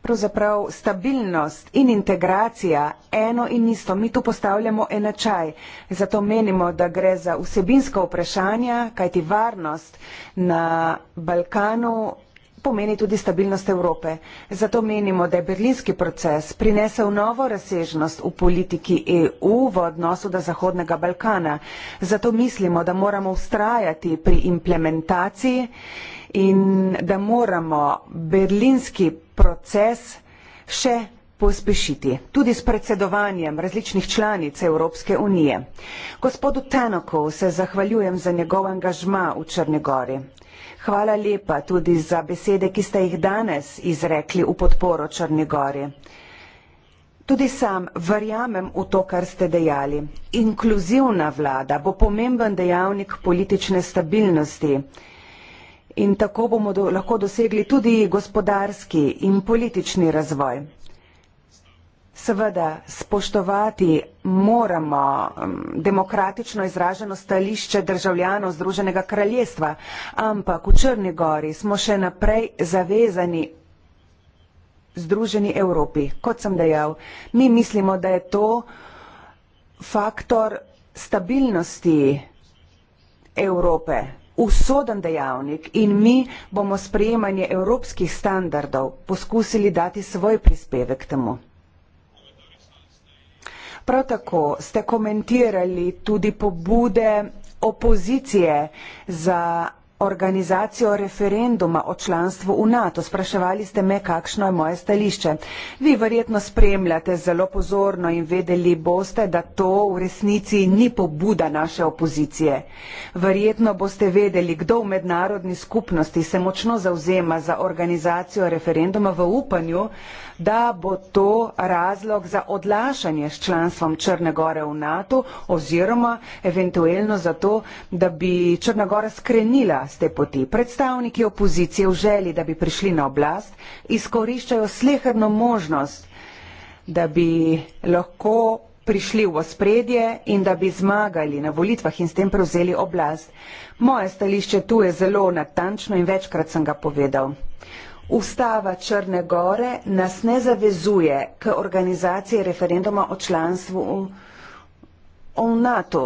pravzaprav stabilnost in integracija eno in isto. Mi tu postavljamo enačaj. Zato menimo, da gre za vsebinska vprašanja, kajti varnost na Balkanu pomeni tudi stabilnost Evrope. Zato menimo, da je berlinski proces prinesel novo razsežnost v politiki EU v odnosu do Zahodnega Balkana. Zato mislimo, da moramo ustrajati pri implementaciji in da moramo berlinski proces še pospešiti, tudi s predsedovanjem različnih članic Evropske unije. Gospodu Tanoku se zahvaljujem za njegov angažma v Črnegori. Hvala lepa tudi za besede, ki ste jih danes izrekli v podporo Črnegori. Tudi sam verjamem v to, kar ste dejali. Inkluzivna vlada bo pomemben dejavnik politične stabilnosti in tako bomo do, lahko dosegli tudi gospodarski in politični razvoj. Seveda spoštovati moramo um, demokratično izraženo stališče državljanov Združenega kraljestva, ampak v Črni gori smo še naprej zavezani Združeni Evropi. Kot sem dejal, mi mislimo, da je to faktor stabilnosti Evrope, usoden dejavnik in mi bomo sprejemanje evropskih standardov poskusili dati svoj prispevek temu. Prav tako ste komentirali tudi pobude opozicije za organizacijo referenduma o članstvu v NATO. Spraševali ste me, kakšno je moje stališče. Vi verjetno spremljate zelo pozorno in vedeli boste, da to v resnici ni pobuda naše opozicije. Verjetno boste vedeli, kdo v mednarodni skupnosti se močno zauzema za organizacijo referenduma v upanju, da bo to razlog za odlašanje s članstvom Črne gore v NATO oziroma eventualno za to, da bi Črna gora skrenila z te poti. Predstavniki opozicije v želji, da bi prišli na oblast, izkoriščajo sleherno možnost, da bi lahko prišli v ospredje in da bi zmagali na volitvah in s tem prevzeli oblast. Moje stališče tu je zelo natančno in večkrat sem ga povedal. Ustava Črne Gore nas ne zavezuje k organizaciji referenduma o članstvu o NATO,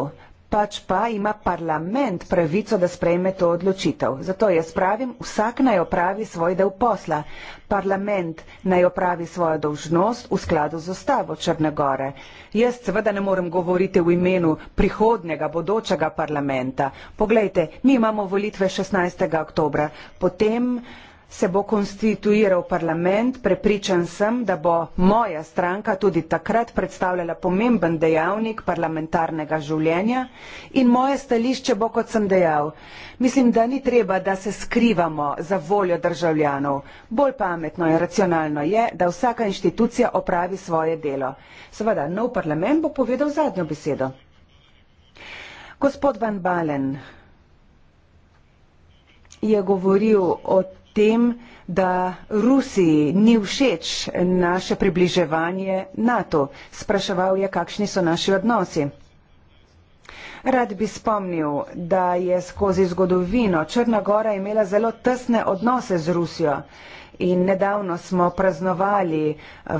pač pa ima parlament pravico, da sprejme to odločitev. Zato jaz pravim, vsak naj opravi svoj del posla. Parlament naj opravi svojo dolžnost v skladu z ustavo Črne Gore. Jaz seveda ne morem govoriti v imenu prihodnega, bodočega parlamenta. Poglejte, mi imamo volitve 16. oktobra. Potem se bo konstituiral parlament, prepričan sem, da bo moja stranka tudi takrat predstavljala pomemben dejavnik parlamentarnega življenja in moje stališče bo, kot sem dejal, mislim, da ni treba, da se skrivamo za voljo državljanov. Bolj pametno in racionalno je, da vsaka inštitucija opravi svoje delo. Seveda, nov parlament bo povedal zadnjo besedo. Gospod Van Balen je govoril o tem, tem, da Rusiji ni všeč naše približevanje NATO. Spraševal je, kakšni so naši odnosi. Rad bi spomnil, da je skozi zgodovino Črna Gora imela zelo tesne odnose z Rusijo in nedavno smo praznovali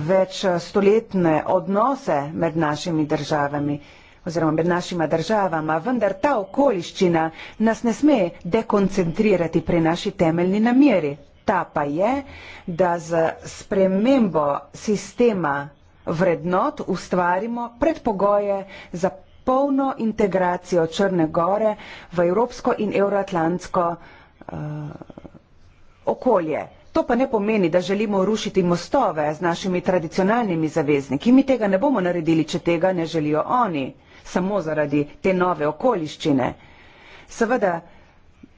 več stoletne odnose med našimi državami oziroma med našima državama, vendar ta okoliščina nas ne sme dekoncentrirati pri naši temeljni nameri. Ta pa je, da z spremembo sistema vrednot ustvarimo predpogoje za polno integracijo Črne gore v evropsko in euroatlantsko uh, eh, okolje. To pa ne pomeni, da želimo rušiti mostove z našimi tradicionalnimi zavezniki. Mi tega ne bomo naredili, če tega ne želijo oni samo zaradi te nove okoliščine. Seveda,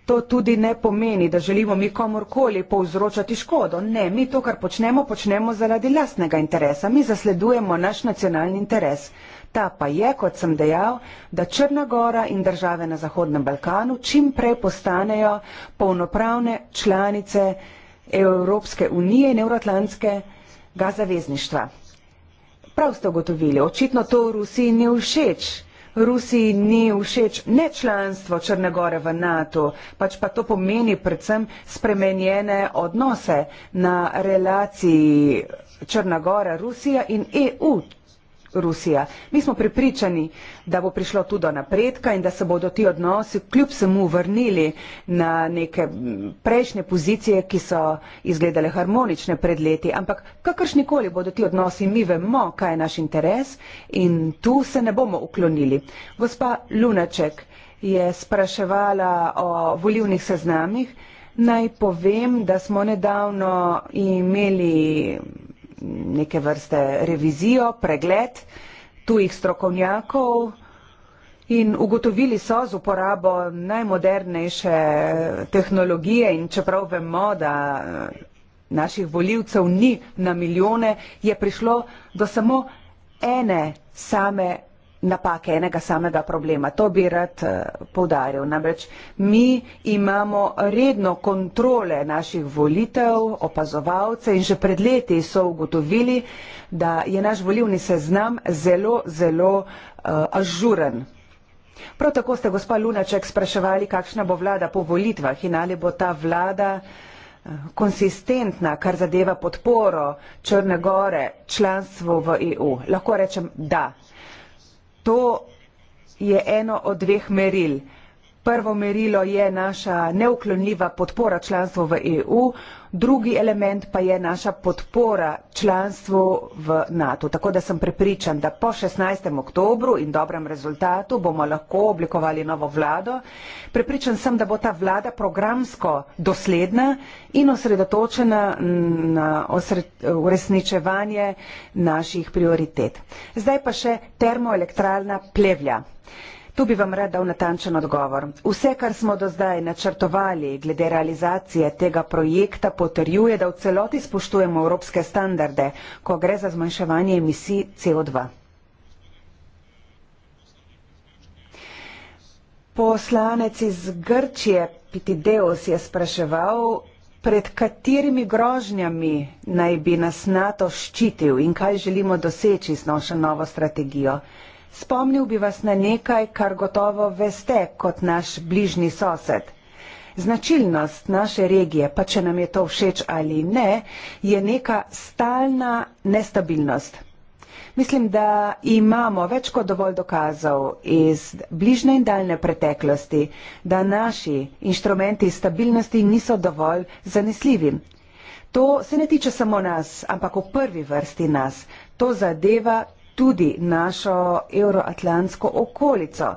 to tudi ne pomeni, da želimo mi komorkoli povzročati škodo. Ne, mi to, kar počnemo, počnemo zaradi lastnega interesa. Mi zasledujemo naš nacionalni interes. Ta pa je, kot sem dejal, da Črna Gora in države na Zahodnem Balkanu čim prej postanejo polnopravne članice Evropske unije in Euroatlantske gazavezništva. Prav ste ugotovili, očitno to Rusiji ni všeč. Rusiji ni všeč ne članstvo Črne Gore v NATO, pač pa to pomeni predvsem spremenjene odnose na relaciji Črna Gora, Rusija in EU, Rusija. Mi smo prepričani, da bo prišlo tudi do napredka in da se bodo ti odnosi kljub samo vrnili na neke prejšnje pozicije, ki so izgledale harmonične pred leti. Ampak kakršnikoli bodo ti odnosi, mi vemo, kaj je naš interes in tu se ne bomo uklonili. Gospa Lunaček je spraševala o volivnih seznamih. Naj povem, da smo nedavno imeli neke vrste revizijo, pregled tujih strokovnjakov in ugotovili so z uporabo najmodernejše tehnologije in čeprav vemo, da eh, naših voljivcev ni na milijone, je prišlo do samo ene same napake enega samega problema. To bi rad uh, eh, povdaril. Namreč mi imamo redno kontrole naših volitev, opazovalce in že pred leti so ugotovili, da je naš volivni seznam zelo, zelo uh, ažuren. Prav tako ste, gospa Lunaček, spraševali, kakšna bo vlada po volitvah in ali bo ta vlada eh, konsistentna, kar zadeva podporo Črne Gore članstvu v EU. Lahko rečem da. To je eno od dveh meril. Prvo merilo je naša neuklonljiva podpora članstvu v EU, drugi element pa je naša podpora članstvu v NATO. Tako da sem prepričan, da po 16. oktobru in dobrem rezultatu bomo lahko oblikovali novo vlado. Prepričan sem, da bo ta vlada programsko dosledna in osredotočena na uresničevanje naših prioritet. Zdaj pa še termoelektralna plevlja. Tu bi vam rad dal natančen odgovor. Vse, kar smo do zdaj načrtovali glede realizacije tega projekta, potrjuje, da v celoti spoštujemo evropske standarde, ko gre za zmanjševanje emisij CO2. Poslanec iz Grčije, Pitideus, je spraševal, pred katerimi grožnjami naj bi nas NATO ščitil in kaj želimo doseči s našo novo strategijo. Spomnil bi vas na nekaj, kar gotovo veste kot naš bližnji sosed. Značilnost naše regije, pa če nam je to všeč ali ne, je neka stalna nestabilnost. Mislim, da imamo več kot dovolj dokazov iz bližnje in daljne preteklosti, da naši inštrumenti stabilnosti niso dovolj zanesljivi. To se ne tiče samo nas, ampak v prvi vrsti nas. To zadeva tudi našo euroatlantsko okolico.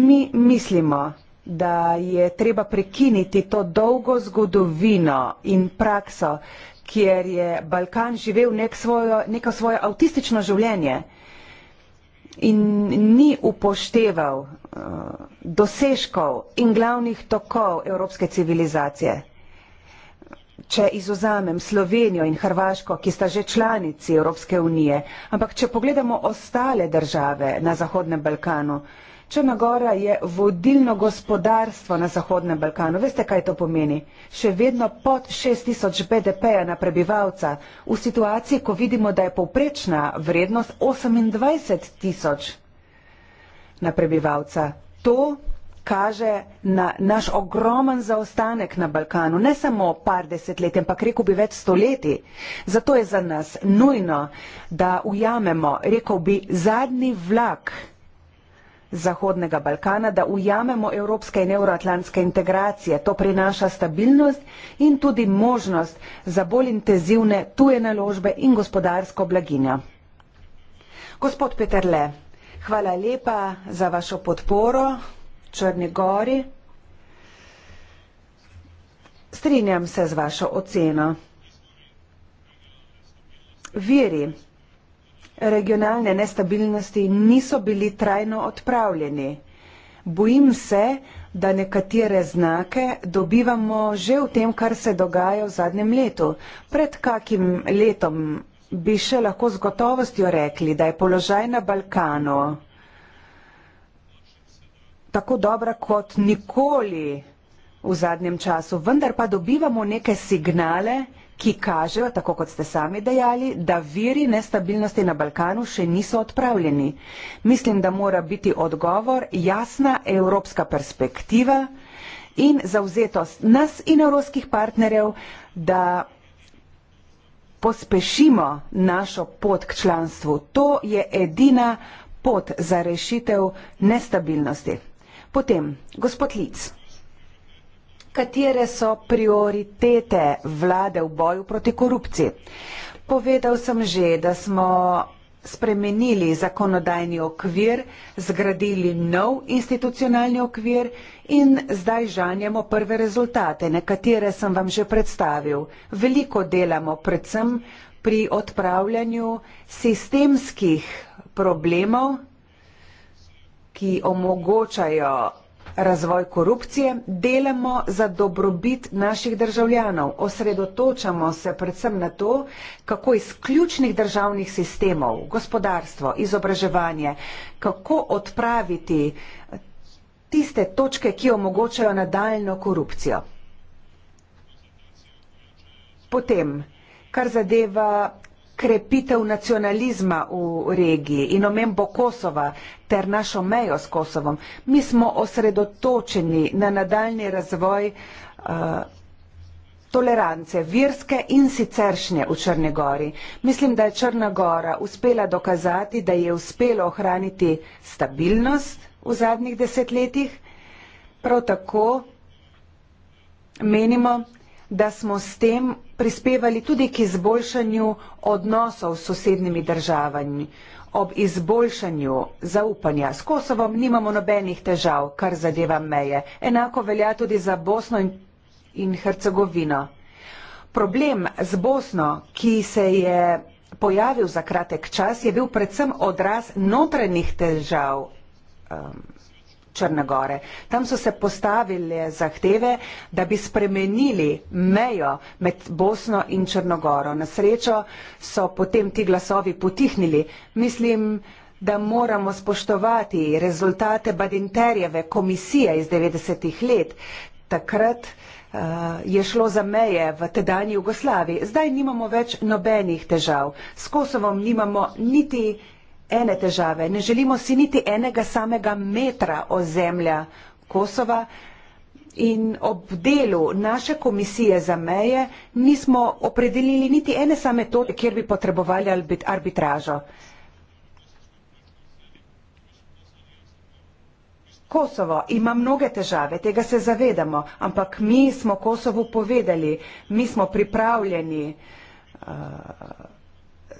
Mi mislimo, da je treba prekiniti to dolgo zgodovino in prakso, kjer je Balkan živel nek svojo, neko svoje avtistično življenje in ni upošteval uh, dosežkov in glavnih tokov evropske civilizacije. Če izuzamem Slovenijo in Hrvaško, ki sta že članici Evropske unije, ampak če pogledamo ostale države na Zahodnem Balkanu, Črna Gora je vodilno gospodarstvo na Zahodnem Balkanu. Veste, kaj to pomeni? Še vedno pod 6000 BDP-ja na prebivalca, v situaciji, ko vidimo, da je povprečna vrednost 28000 na prebivalca. To kaže na naš ogromen zaostanek na Balkanu, ne samo par desetletij, ampak rekel bi več stoletij. Zato je za nas nujno, da ujamemo, rekel bi, zadnji vlak Zahodnega Balkana, da ujamemo evropske in euroatlantske integracije. To prinaša stabilnost in tudi možnost za bolj intenzivne tuje naložbe in gospodarsko blaginjo. Gospod Peterle, hvala lepa za vašo podporo. Črne gori. Strinjam se z vašo oceno. Viri regionalne nestabilnosti niso bili trajno odpravljeni. Bojim se, da nekatere znake dobivamo že v tem, kar se dogaja v zadnjem letu. Pred kakim letom bi še lahko z gotovostjo rekli, da je položaj na Balkanu tako dobra kot nikoli v zadnjem času, vendar pa dobivamo neke signale, ki kažejo, tako kot ste sami dejali, da viri nestabilnosti na Balkanu še niso odpravljeni. Mislim, da mora biti odgovor jasna evropska perspektiva in zauzetost nas in evropskih partnerjev, da pospešimo našo pot k članstvu. To je edina pot za rešitev nestabilnosti. Potem, gospod Lic, katere so prioritete vlade v boju proti korupciji? Povedal sem že, da smo spremenili zakonodajni okvir, zgradili nov institucionalni okvir in zdaj žanjemo prve rezultate, nekatere sem vam že predstavil. Veliko delamo predvsem pri odpravljanju sistemskih problemov, ki omogočajo razvoj korupcije, delamo za dobrobit naših državljanov. Osredotočamo se predvsem na to, kako iz ključnih državnih sistemov, gospodarstvo, izobraževanje, kako odpraviti tiste točke, ki omogočajo nadaljno korupcijo. Potem, kar zadeva krepitev nacionalizma v regiji in omembo Kosova ter našo mejo s Kosovom. Mi smo osredotočeni na nadaljni razvoj uh, tolerance virske in siceršnje v Črne gori. Mislim, da je Črna gora uspela dokazati, da je uspelo ohraniti stabilnost v zadnjih desetletjih. Prav tako menimo, da smo s tem prispevali tudi k izboljšanju odnosov s sosednjimi državami. Ob izboljšanju zaupanja s Kosovom nimamo nobenih težav, kar zadeva meje. Enako velja tudi za Bosno in Hercegovino. Problem z Bosno, ki se je pojavil za kratek čas, je bil predvsem odraz notranjih težav. Um, Črne Gore. Tam so se postavili zahteve, da bi spremenili mejo med Bosno in Črnogoro. Na srečo so potem ti glasovi potihnili. Mislim, da moramo spoštovati rezultate Badinterjeve komisije iz 90-ih let. Takrat uh, je šlo za meje v tedanji Jugoslaviji. Zdaj nimamo več nobenih težav. S Kosovom nimamo niti ene težave. Ne želimo si niti enega samega metra ozemlja Kosova in ob delu naše komisije za meje nismo opredelili niti ene same točke, kjer bi potrebovali arbitražo. Kosovo ima mnoge težave, tega se zavedamo, ampak mi smo Kosovu povedali, mi smo pripravljeni uh,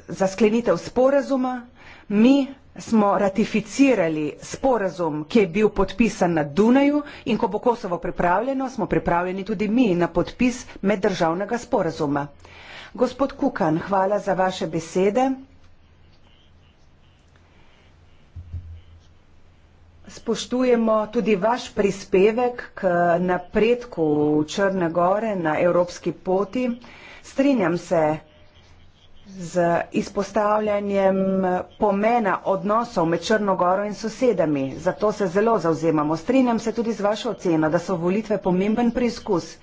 za sklenitev sporazuma, uh, mi smo ratificirali sporazum, ki je bil podpisan na Dunaju in ko bo Kosovo pripravljeno, smo pripravljeni tudi mi na podpis meddržavnega sporazuma. Gospod Kukan, hvala za vaše besede. Spoštujemo tudi vaš prispevek k napredku Črne gore na evropski poti. Strinjam se, z izpostavljanjem pomena odnosov med Črnogoro in sosedami. Zato se zelo zauzemamo. Strinjam se tudi z vašo oceno, da so volitve pomemben preizkus.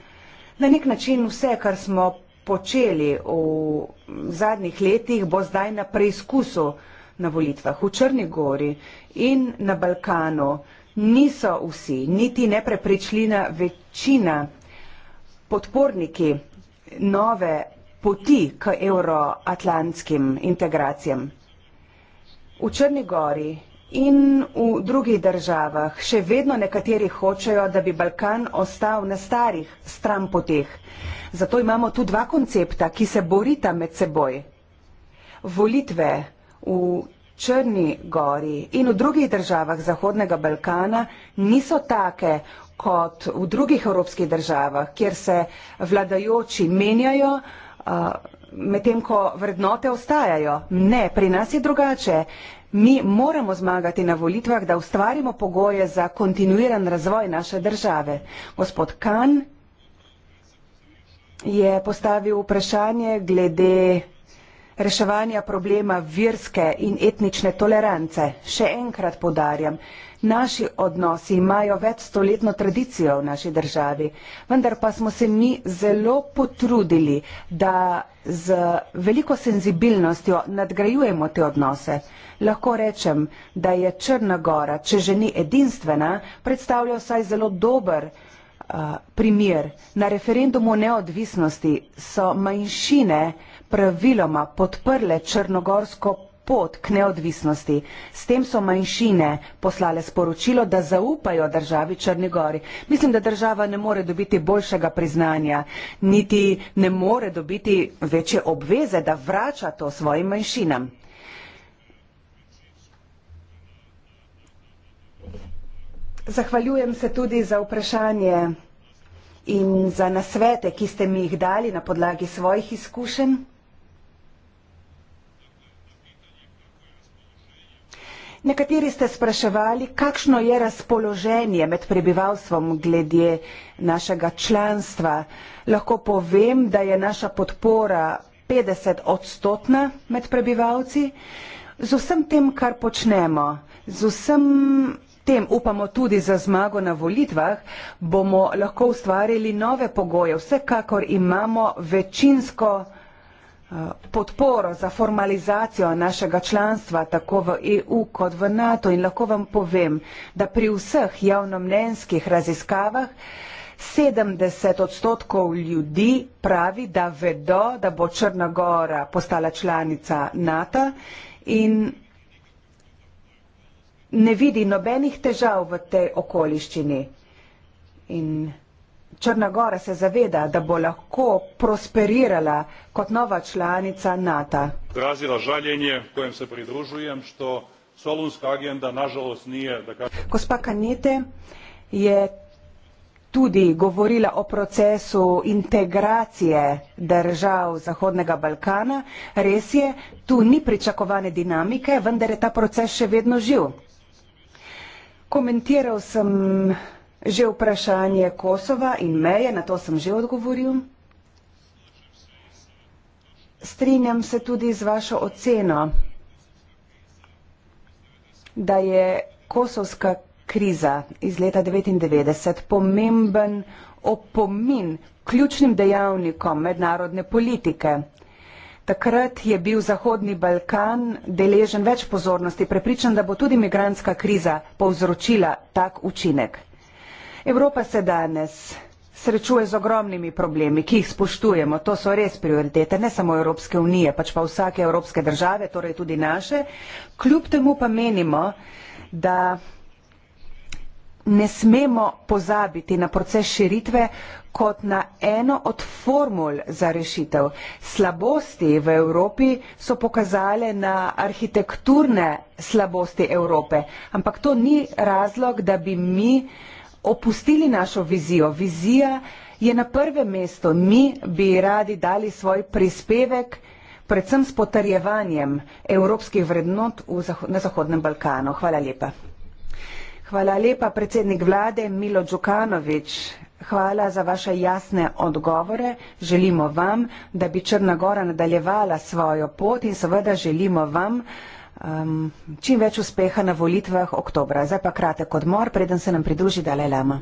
Na nek način vse, kar smo počeli v zadnjih letih, bo zdaj na preizkusu na volitvah v Črni Gori in na Balkanu. Niso vsi, niti neprepričljina večina podporniki nove poti k euroatlantskim integracijam. V Črni gori in v drugih državah še vedno nekateri hočejo, da bi Balkan ostal na starih stranpoteh. Zato imamo tu dva koncepta, ki se borita med seboj. Volitve v Črni gori in v drugih državah Zahodnega Balkana niso take kot v drugih evropskih državah, kjer se vladajoči menjajo, medtem ko vrednote ostajajo. Ne, pri nas je drugače. Mi moramo zmagati na volitvah, da ustvarimo pogoje za kontinuiran razvoj naše države. Gospod Kan je postavil vprašanje glede reševanja problema virske in etnične tolerance. Še enkrat podarjam, Naši odnosi imajo večstoletno tradicijo v naši državi, vendar pa smo se mi zelo potrudili, da z veliko senzibilnostjo nadgrajujemo te odnose. Lahko rečem, da je Črna Gora, če že ni edinstvena, predstavlja vsaj zelo dober uh, primer. Na referendumu o neodvisnosti so manjšine praviloma podprle črnogorsko pot k neodvisnosti. S tem so manjšine poslale sporočilo, da zaupajo državi Črnegori. Mislim, da država ne more dobiti boljšega priznanja, niti ne more dobiti večje obveze, da vrača to svojim manjšinam. Zahvaljujem se tudi za vprašanje in za nasvete, ki ste mi jih dali na podlagi svojih izkušenj. Nekateri ste spraševali, kakšno je razpoloženje med prebivalstvom glede našega članstva. Lahko povem, da je naša podpora 50 odstotna med prebivalci. Z vsem tem, kar počnemo, z vsem tem upamo tudi za zmago na volitvah, bomo lahko ustvarili nove pogoje. Vsekakor imamo večinsko podporo Eh, podporo za formalizacijo našega članstva tako v EU kot v NATO in lahko vam povem, da pri vseh javnomnenjskih raziskavah 70 odstotkov ljudi pravi, da vedo, da bo Črna Gora postala članica NATO in ne vidi nobenih težav v tej okoliščini. In Črna Gora se zaveda, da bo lahko prosperirala kot nova članica NATO. Izrazila žaljenje, kojem se pridružujem, što solunska agenda nažalost nije. Kaj... Gospa Kanete je tudi govorila o procesu integracije držav Zahodnega Balkana. Res je, tu ni pričakovane dinamike, vendar je ta proces še vedno živ. Komentiral sem Že vprašanje Kosova in meje, na to sem že odgovoril. Strinjam se tudi z vašo oceno, da je kosovska kriza iz leta 1999 pomemben opomin ključnim dejavnikom mednarodne politike. Takrat je bil Zahodni Balkan deležen več pozornosti, prepričan, da bo tudi migranska kriza povzročila tak učinek. Evropa se danes srečuje z ogromnimi problemi, ki jih spoštujemo. To so res prioritete ne samo Evropske unije, pač pa vsake evropske države, torej tudi naše. Kljub temu pa menimo, da ne smemo pozabiti na proces širitve kot na eno od formul za rešitev. Slabosti v Evropi so pokazale na arhitekturne slabosti Evrope, ampak to ni razlog, da bi mi opustili našo vizijo. Vizija je na prvem mestu. Mi bi radi dali svoj prispevek predvsem s potrjevanjem evropskih vrednot na Zahodnem Balkanu. Hvala lepa. Hvala lepa, predsednik vlade Milo Đukanovič. Hvala za vaše jasne odgovore. Želimo vam, da bi Črna Gora nadaljevala svojo pot in seveda želimo vam, da bi Črna Gora nadaljevala svojo pot um, čim več uspeha na volitvah oktobra. Zdaj pa kratek odmor, preden se nam pridruži Dalaj Lama.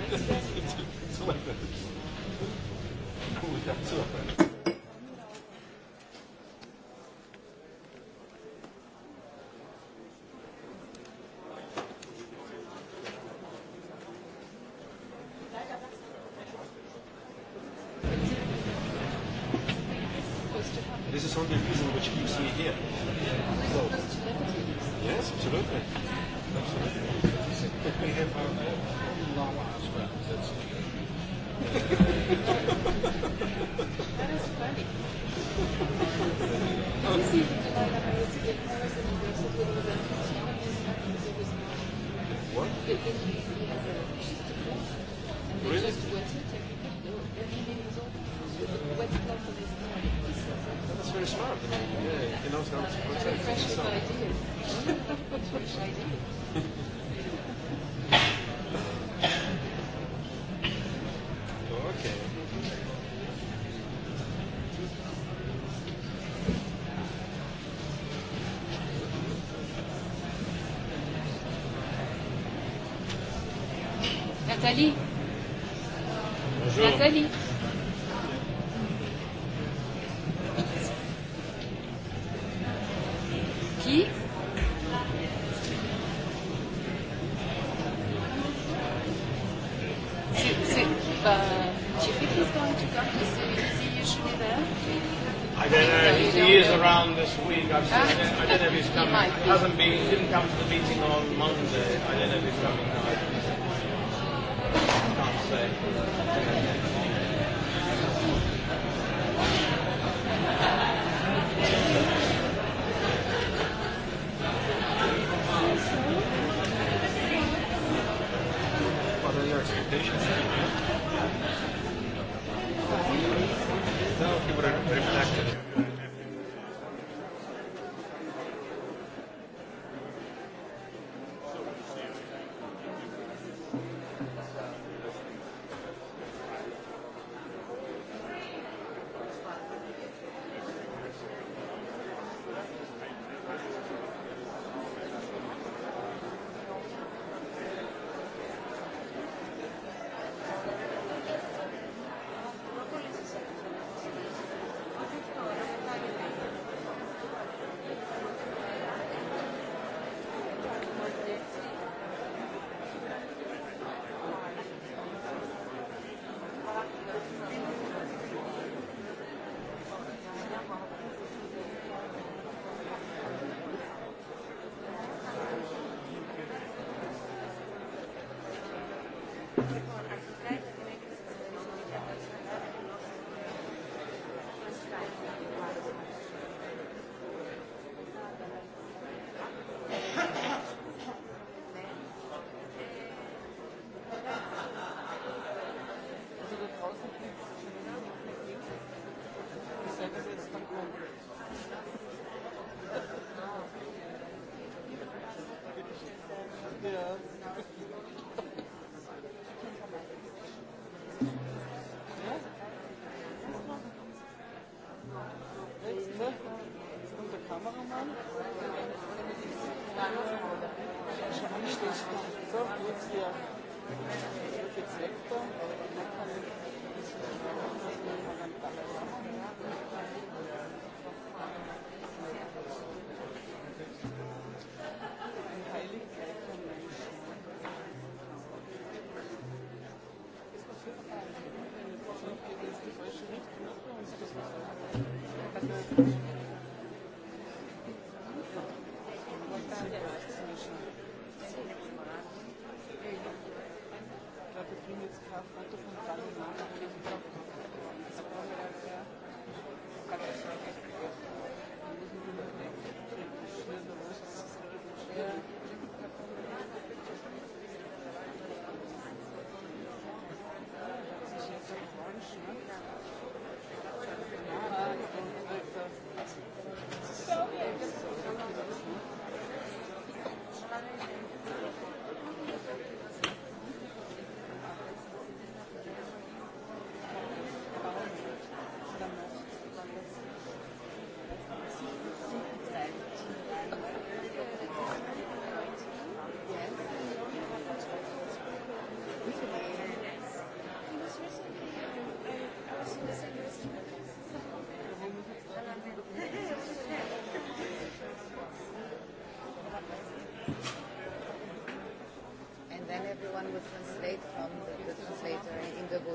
Nathalie.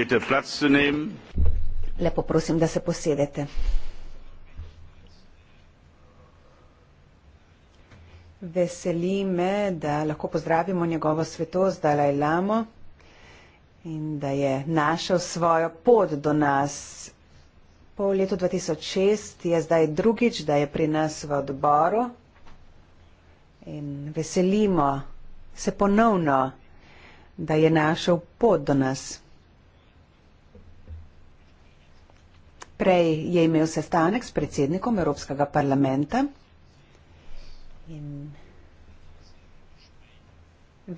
bitte Platz zu nehmen. Lepo prosim, da se posedete. Veseli me, da lahko pozdravimo njegovo svetost Dalaj Lamo in da je našel svojo pot do nas. Po letu 2006 je zdaj drugič, da je pri nas v odboru in veselimo se ponovno, da je našel pot do nas. Prej je imel sestanek s predsednikom Evropskega parlamenta in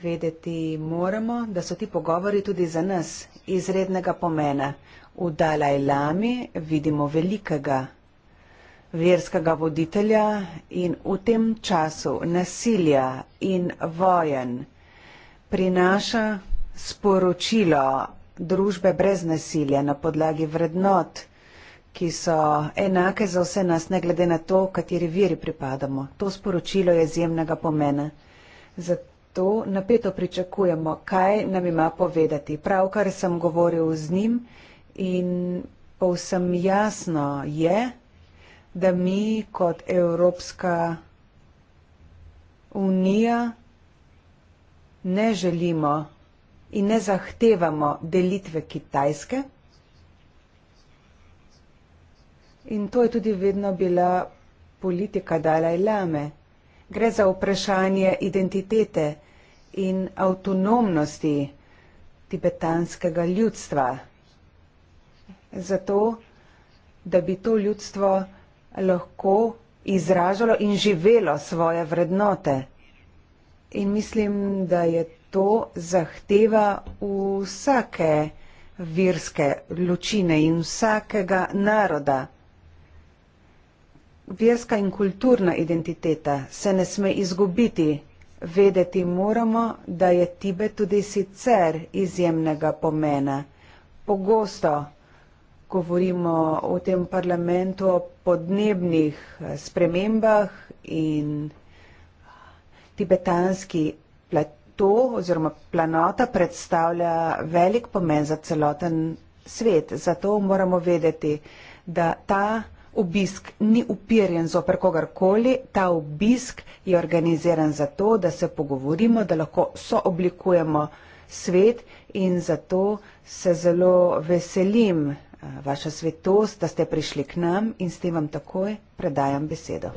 vedeti moramo, da so ti pogovori tudi za nas izrednega pomena. V Dalaj Lami vidimo velikega verskega voditelja in v tem času nasilja in vojen prinaša sporočilo družbe brez nasilja na podlagi vrednot, ki so enake za vse nas, ne glede na to, kateri veri pripadamo. To sporočilo je izjemnega pomena. Zato napeto pričakujemo, kaj nam ima povedati. Pravkar sem govoril z njim in povsem jasno je, da mi kot Evropska unija ne želimo in ne zahtevamo delitve Kitajske. In to je tudi vedno bila politika Dalaj Lame. Gre za vprašanje identitete in avtonomnosti tibetanskega ljudstva. Zato, da bi to ljudstvo lahko izražalo in živelo svoje vrednote. In mislim, da je to zahteva vsake virske lučine in vsakega naroda verska in kulturna identiteta se ne sme izgubiti. Vedeti moramo, da je Tibet tudi sicer izjemnega pomena. Pogosto govorimo v tem parlamentu o podnebnih eh, spremembah in tibetanski plato oziroma planota predstavlja velik pomen za celoten svet. Zato moramo vedeti, da ta Obisk ni upirjen zoper kogarkoli, ta obisk je organiziran zato, da se pogovorimo, da lahko sooblikujemo svet in zato se zelo veselim eh, vaša svetost, da ste prišli k nam in s tem vam takoj predajam besedo.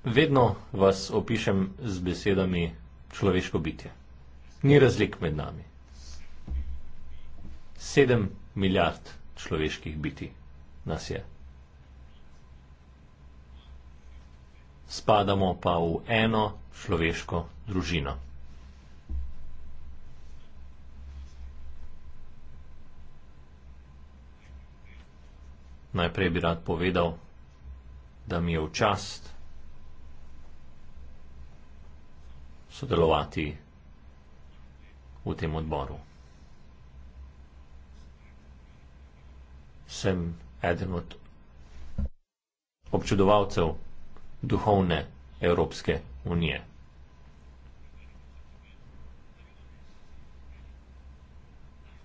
Vedno vas opišem z besedami človeško bitje. Ni razlik med nami. Sedem milijard človeških biti nas je. Spadamo pa v eno človeško družino. Najprej bi rad povedal, da mi je v čast, sodelovati v tem odboru. Sem eden od občudovalcev duhovne Evropske unije.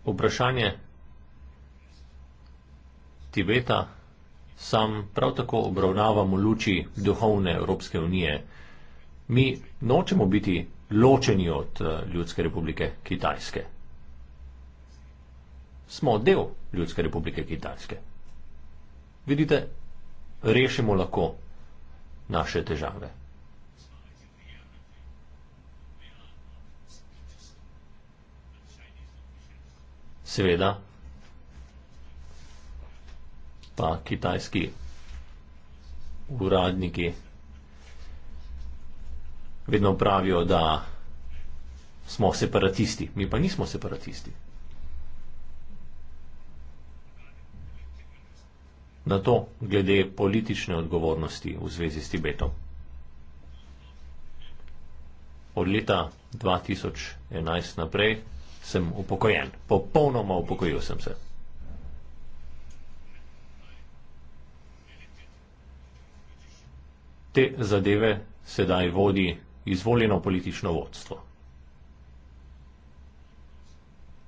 Vprašanje Tibeta sam prav tako obravnavam v luči duhovne Evropske unije mi nočemo biti ločeni od eh, Ljudske republike Kitajske. Smo del Ljudske republike Kitajske. Vidite, rešimo lahko naše težave. Seveda, pa kitajski uradniki vedno pravijo, da smo separatisti. Mi pa nismo separatisti. Na to glede politične odgovornosti v zvezi s Tibetom. Od leta 2011 naprej sem upokojen, popolnoma upokojil sem se. Te zadeve sedaj vodi izvoljeno politično vodstvo.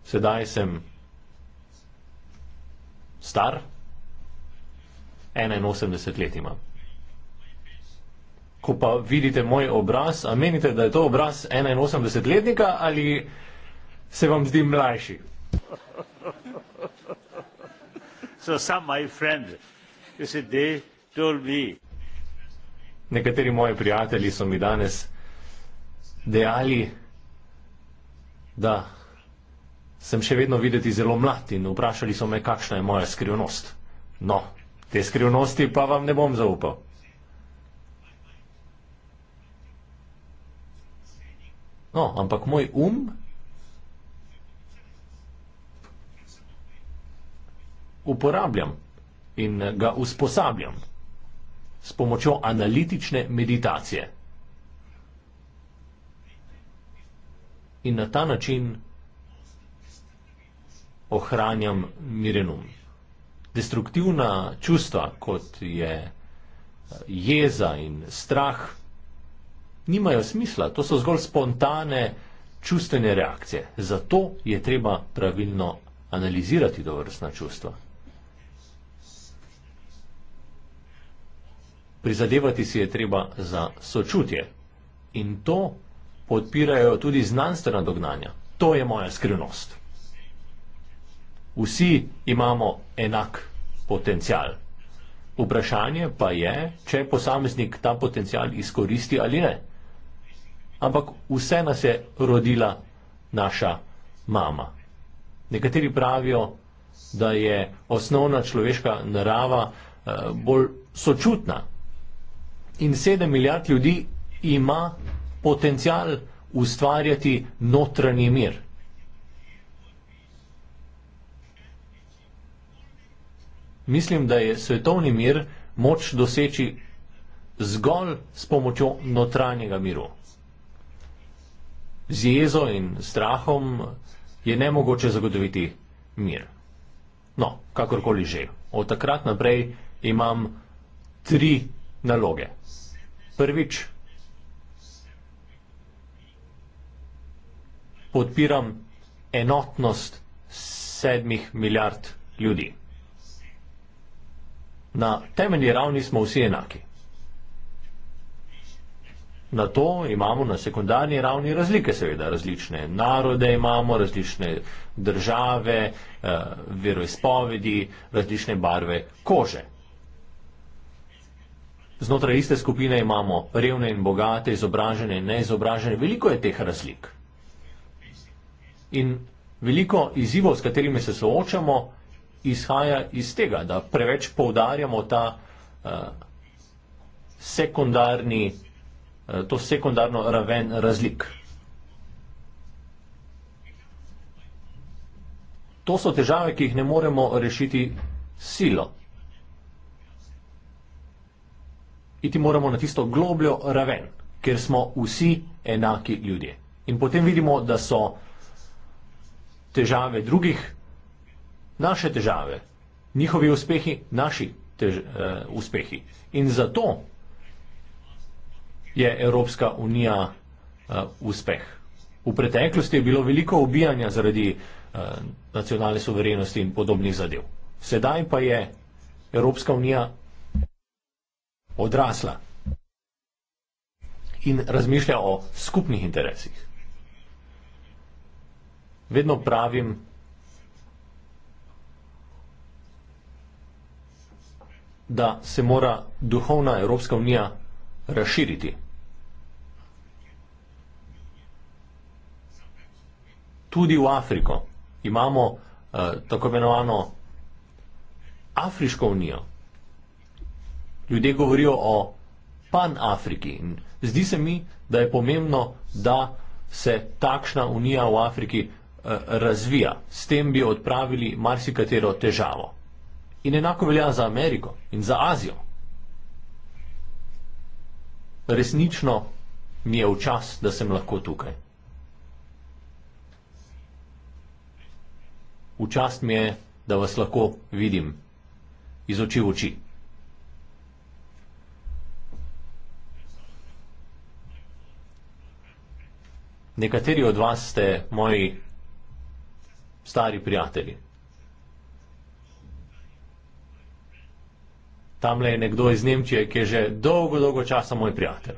Sedaj sem star, 81 let ima. Ko pa vidite moj obraz, a menite, da je to obraz 81-letnika ali se vam zdi mlajši? [laughs] So some my friend, they told me. Nekateri moji prijatelji so mi danes dejali, da sem še vedno videti zelo mlad in vprašali so me, kakšna je moja skrivnost. No, te skrivnosti pa vam ne bom zaupal. No, ampak moj um uporabljam in ga usposabljam s pomočjo analitične meditacije. in na ta način ohranjam miren um. Destruktivna čustva, kot je eh, jeza in strah, nimajo smisla, to so zgolj spontane čustvene reakcije. Zato je treba pravilno analizirati dovrstna čustva. Prizadevati si je treba za sočutje in to podpirajo tudi znanstvena dognanja. To je moja skrivnost. Vsi imamo enak potencial. Vprašanje pa je, če posameznik ta potencial izkoristi ali ne. Ampak vse nas je rodila naša mama. Nekateri pravijo, da je osnovna človeška narava eh, bolj sočutna. In sedem milijard ljudi ima potencial ustvarjati notranji mir. Mislim, da je svetovni mir moč doseči zgolj s pomočjo notranjega miru. Z jezo in strahom je nemogoče zagotoviti mir. No, kakorkoli že. Od takrat naprej imam tri naloge. Prvič, podpiram enotnost sedmih milijard ljudi. Na temeljni ravni smo vsi enaki. Na to imamo na sekundarni ravni razlike, seveda, različne narode imamo, različne države, eh, veroizpovedi, različne barve kože. Znotraj iste skupine imamo revne in bogate, izobražene in neizobražene. Veliko je teh razlik. In veliko izzivov, s katerimi se soočamo, izhaja iz tega, da preveč poudarjamo ta uh, sekundarni, uh, to sekundarno raven razlik. To so težave, ki jih ne moremo rešiti silo. Iti moramo na tisto globljo raven, kjer smo vsi enaki ljudje. In potem vidimo, da so težave drugih, naše težave, njihovi uspehi, naši tež, uh, uspehi. In zato je Evropska unija uh, uspeh. V preteklosti je bilo veliko ubijanja zaradi uh, nacionalne soverenosti in podobnih zadev. Sedaj pa je Evropska unija odrasla in razmišlja o skupnih interesih vedno pravim, da se mora duhovna Evropska unija razširiti. Tudi v Afriko imamo eh, tako imenovano Afriško unijo. Ljudje govorijo o pan-Afriki. Zdi se mi, da je pomembno, da se takšna unija v Afriki Eh, razvija. S tem bi odpravili marsikatero težavo. In enako velja za Ameriko in za Azijo. Resnično mi je v čas, da sem lahko tukaj. V čas mi je, da vas lahko vidim iz oči v oči. Nekateri od vas ste moji stari prijatelji. Tam le je nekdo iz Nemčije, ki je že dolgo, dolgo časa moj prijatelj.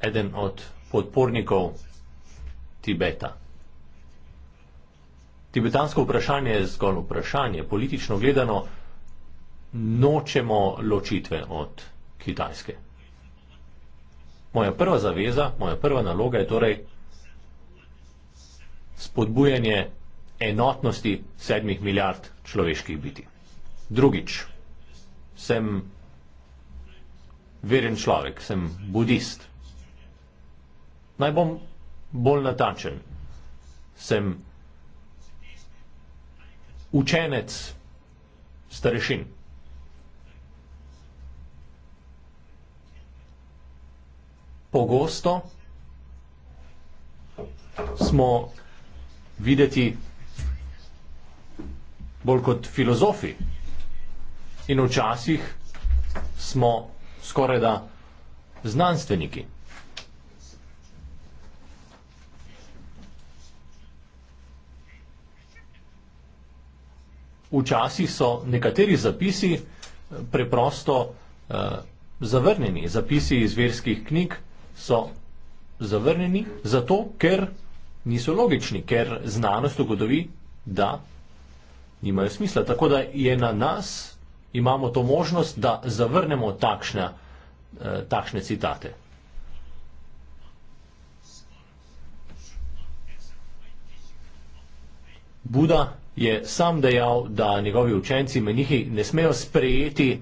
Eden od podpornikov Tibeta. Tibetansko vprašanje je zgolj vprašanje. Politično gledano nočemo ločitve od Kitajske. Moja prva zaveza, moja prva naloga je torej spodbujanje enotnosti sedmih milijard človeških biti. Drugič, sem veren človek, sem budist. Naj bom bolj natančen. Sem učenec starešin. Pogosto smo videti bolj kot filozofi in včasih smo skoraj da znanstveniki. Včasih so nekateri zapisi eh, preprosto eh, zavrnjeni. Zapisi iz verskih knjig so zavrnjeni zato, ker niso logični, ker znanost ugodovi, da nimajo smisla. Tako da je na nas, imamo to možnost, da zavrnemo takšne, eh, takšne citate. Buda je sam dejal, da njegovi učenci menihi ne smejo sprejeti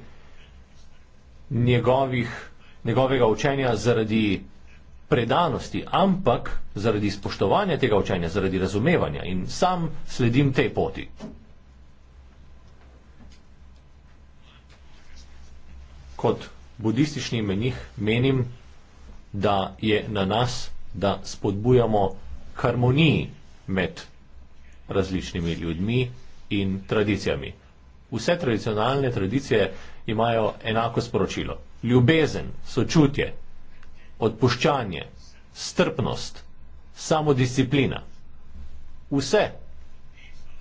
njegovih, njegovega učenja zaradi predanosti, ampak zaradi spoštovanja tega učenja, zaradi razumevanja in sam sledim tej poti. Kot budistični menih menim, da je na nas, da spodbujamo harmoniji med različnimi ljudmi in tradicijami. Vse tradicionalne tradicije imajo enako sporočilo. Ljubezen, sočutje, odpuščanje, strpnost, samodisciplina. Vse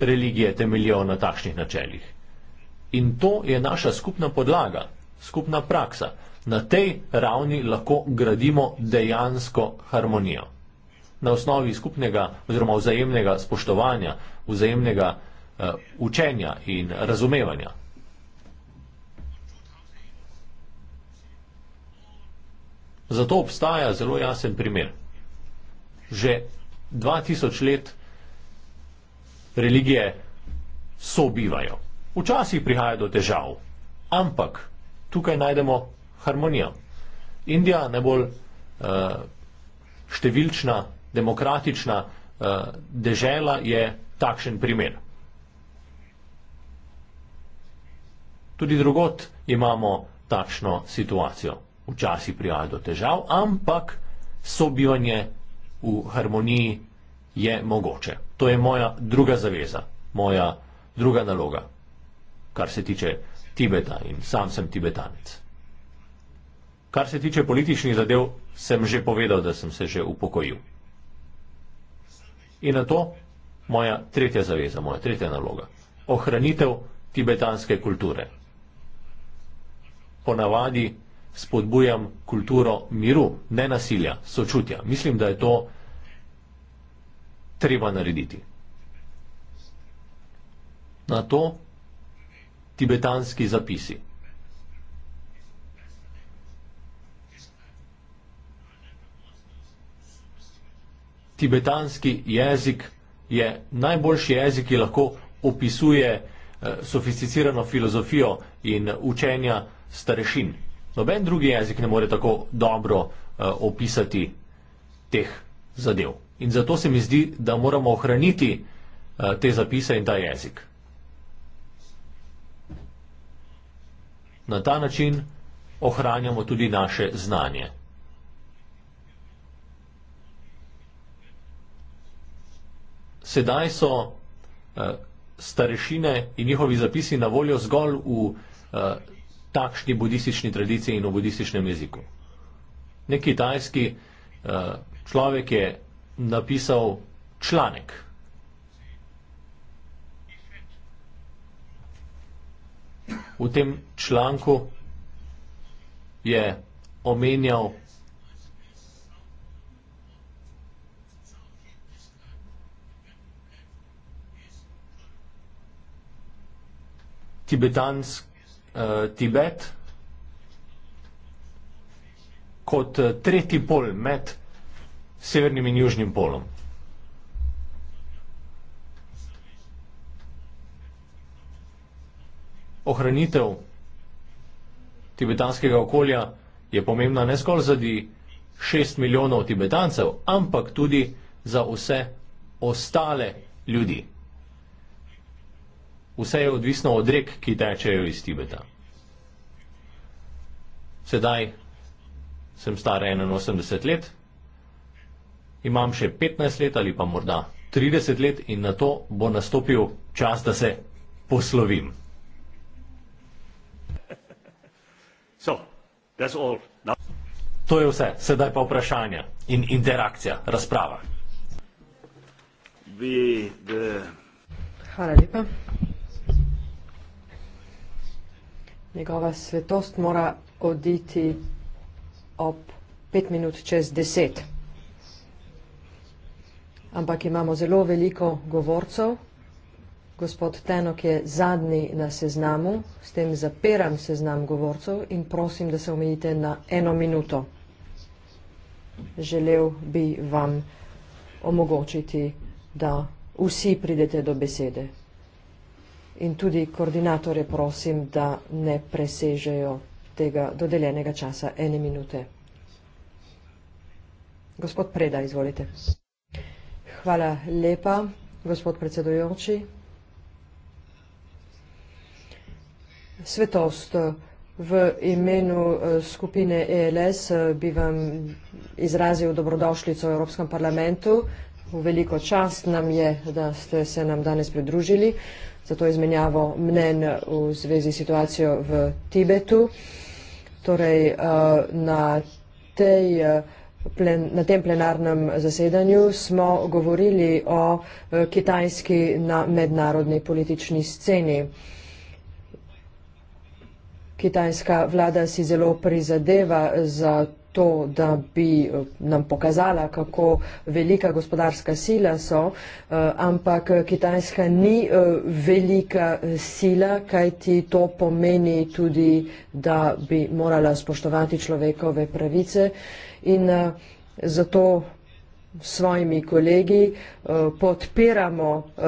religije temeljijo na takšnih načeljih. In to je naša skupna podlaga, skupna praksa. Na tej ravni lahko gradimo dejansko harmonijo na osnovi skupnega oziroma vzajemnega spoštovanja, vzajemnega uh, učenja in razumevanja. Zato obstaja zelo jasen primer. Že 2000 let religije sobivajo. Včasih prihaja do težav, ampak tukaj najdemo harmonijo. Indija, najbolj uh, številčna demokratična eh, dežela je takšen primer. Tudi drugot imamo takšno situacijo. Včasih prihaja do težav, ampak sobivanje v harmoniji je mogoče. To je moja druga zaveza, moja druga naloga, kar se tiče Tibeta in sam sem tibetanec. Kar se tiče političnih zadev, sem že povedal, da sem se že upokojil. In na to moja tretja zaveza, moja tretja naloga. Ohranitev tibetanske kulture. Ponavadi spodbujam kulturo miru, ne nasilja, sočutja. Mislim, da je to treba narediti. Na to tibetanski zapisi. tibetanski jezik je najboljši jezik, ki lahko opisuje eh, sofisticirano filozofijo in učenja starešin. Noben drugi jezik ne more tako dobro eh, opisati teh zadev. In zato se mi zdi, da moramo ohraniti eh, te zapise in ta jezik. Na ta način ohranjamo tudi naše znanje. Sedaj so uh, starešine in njihovi zapisi na voljo zgolj v uh, takšni budistični tradiciji in v budističnem jeziku. Nek kitajski uh, človek je napisal članek. V tem članku je omenjal tibetansk, eh, Tibet kot eh, tretji pol med severnim in južnim polom. Ohranitev tibetanskega okolja je pomembna ne zgolj za 6 milijonov tibetancev, ampak tudi za vse ostale ljudi vse je odvisno od rek, ki tečejo iz Tibeta. Sedaj sem star 81 let, imam še 15 let ali pa morda 30 let in na to bo nastopil čas, da se poslovim. [laughs] So, that's all. To je vse, sedaj pa vprašanja in interakcija, razprava. Hvala lepa njegova svetost mora oditi ob pet minut čez deset. Ampak imamo zelo veliko govorcev. Gospod Tenok je zadnji na seznamu, s tem zapiram seznam govorcev in prosim, da se omejite na eno minuto. Želel bi vam omogočiti, da vsi pridete do besede in tudi koordinatore prosim, da ne presežejo tega dodeljenega časa ene minute. Gospod Preda, izvolite. Hvala lepa, gospod predsedujoči. Svetost, v imenu eh, skupine ELS eh, bi vam izrazil dobrodošljico v Evropskem parlamentu. V veliko čast nam je, da ste se nam danes pridružili za to izmenjavo mnen v zvezi s situacijo v Tibetu. Torej, eh, na, tej, eh, na tem plenarnem zasedanju smo govorili o eh, kitajski na mednarodni politični sceni. Kitajska vlada si zelo prizadeva za to, da bi eh, nam pokazala, kako velika gospodarska sila so, eh, ampak Kitajska ni eh, velika sila, kajti to pomeni tudi, da bi morala spoštovati človekove pravice in zato svojimi kolegi eh, podpiramo eh,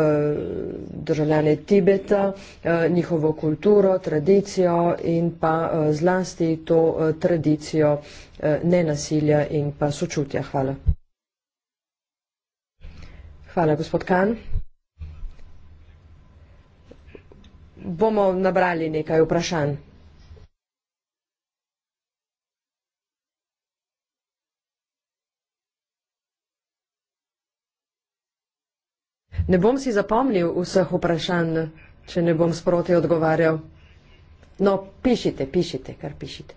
državljane Tibeta, eh, njihovo kulturo, tradicijo in pa zlasti to tradicijo nenasilja in pa sočutja. Hvala. Hvala, gospod Kan. Bomo nabrali nekaj vprašanj. Ne bom si zapomnil vseh vprašanj, če ne bom sproti odgovarjal. No, pišite, pišite, kar pišite.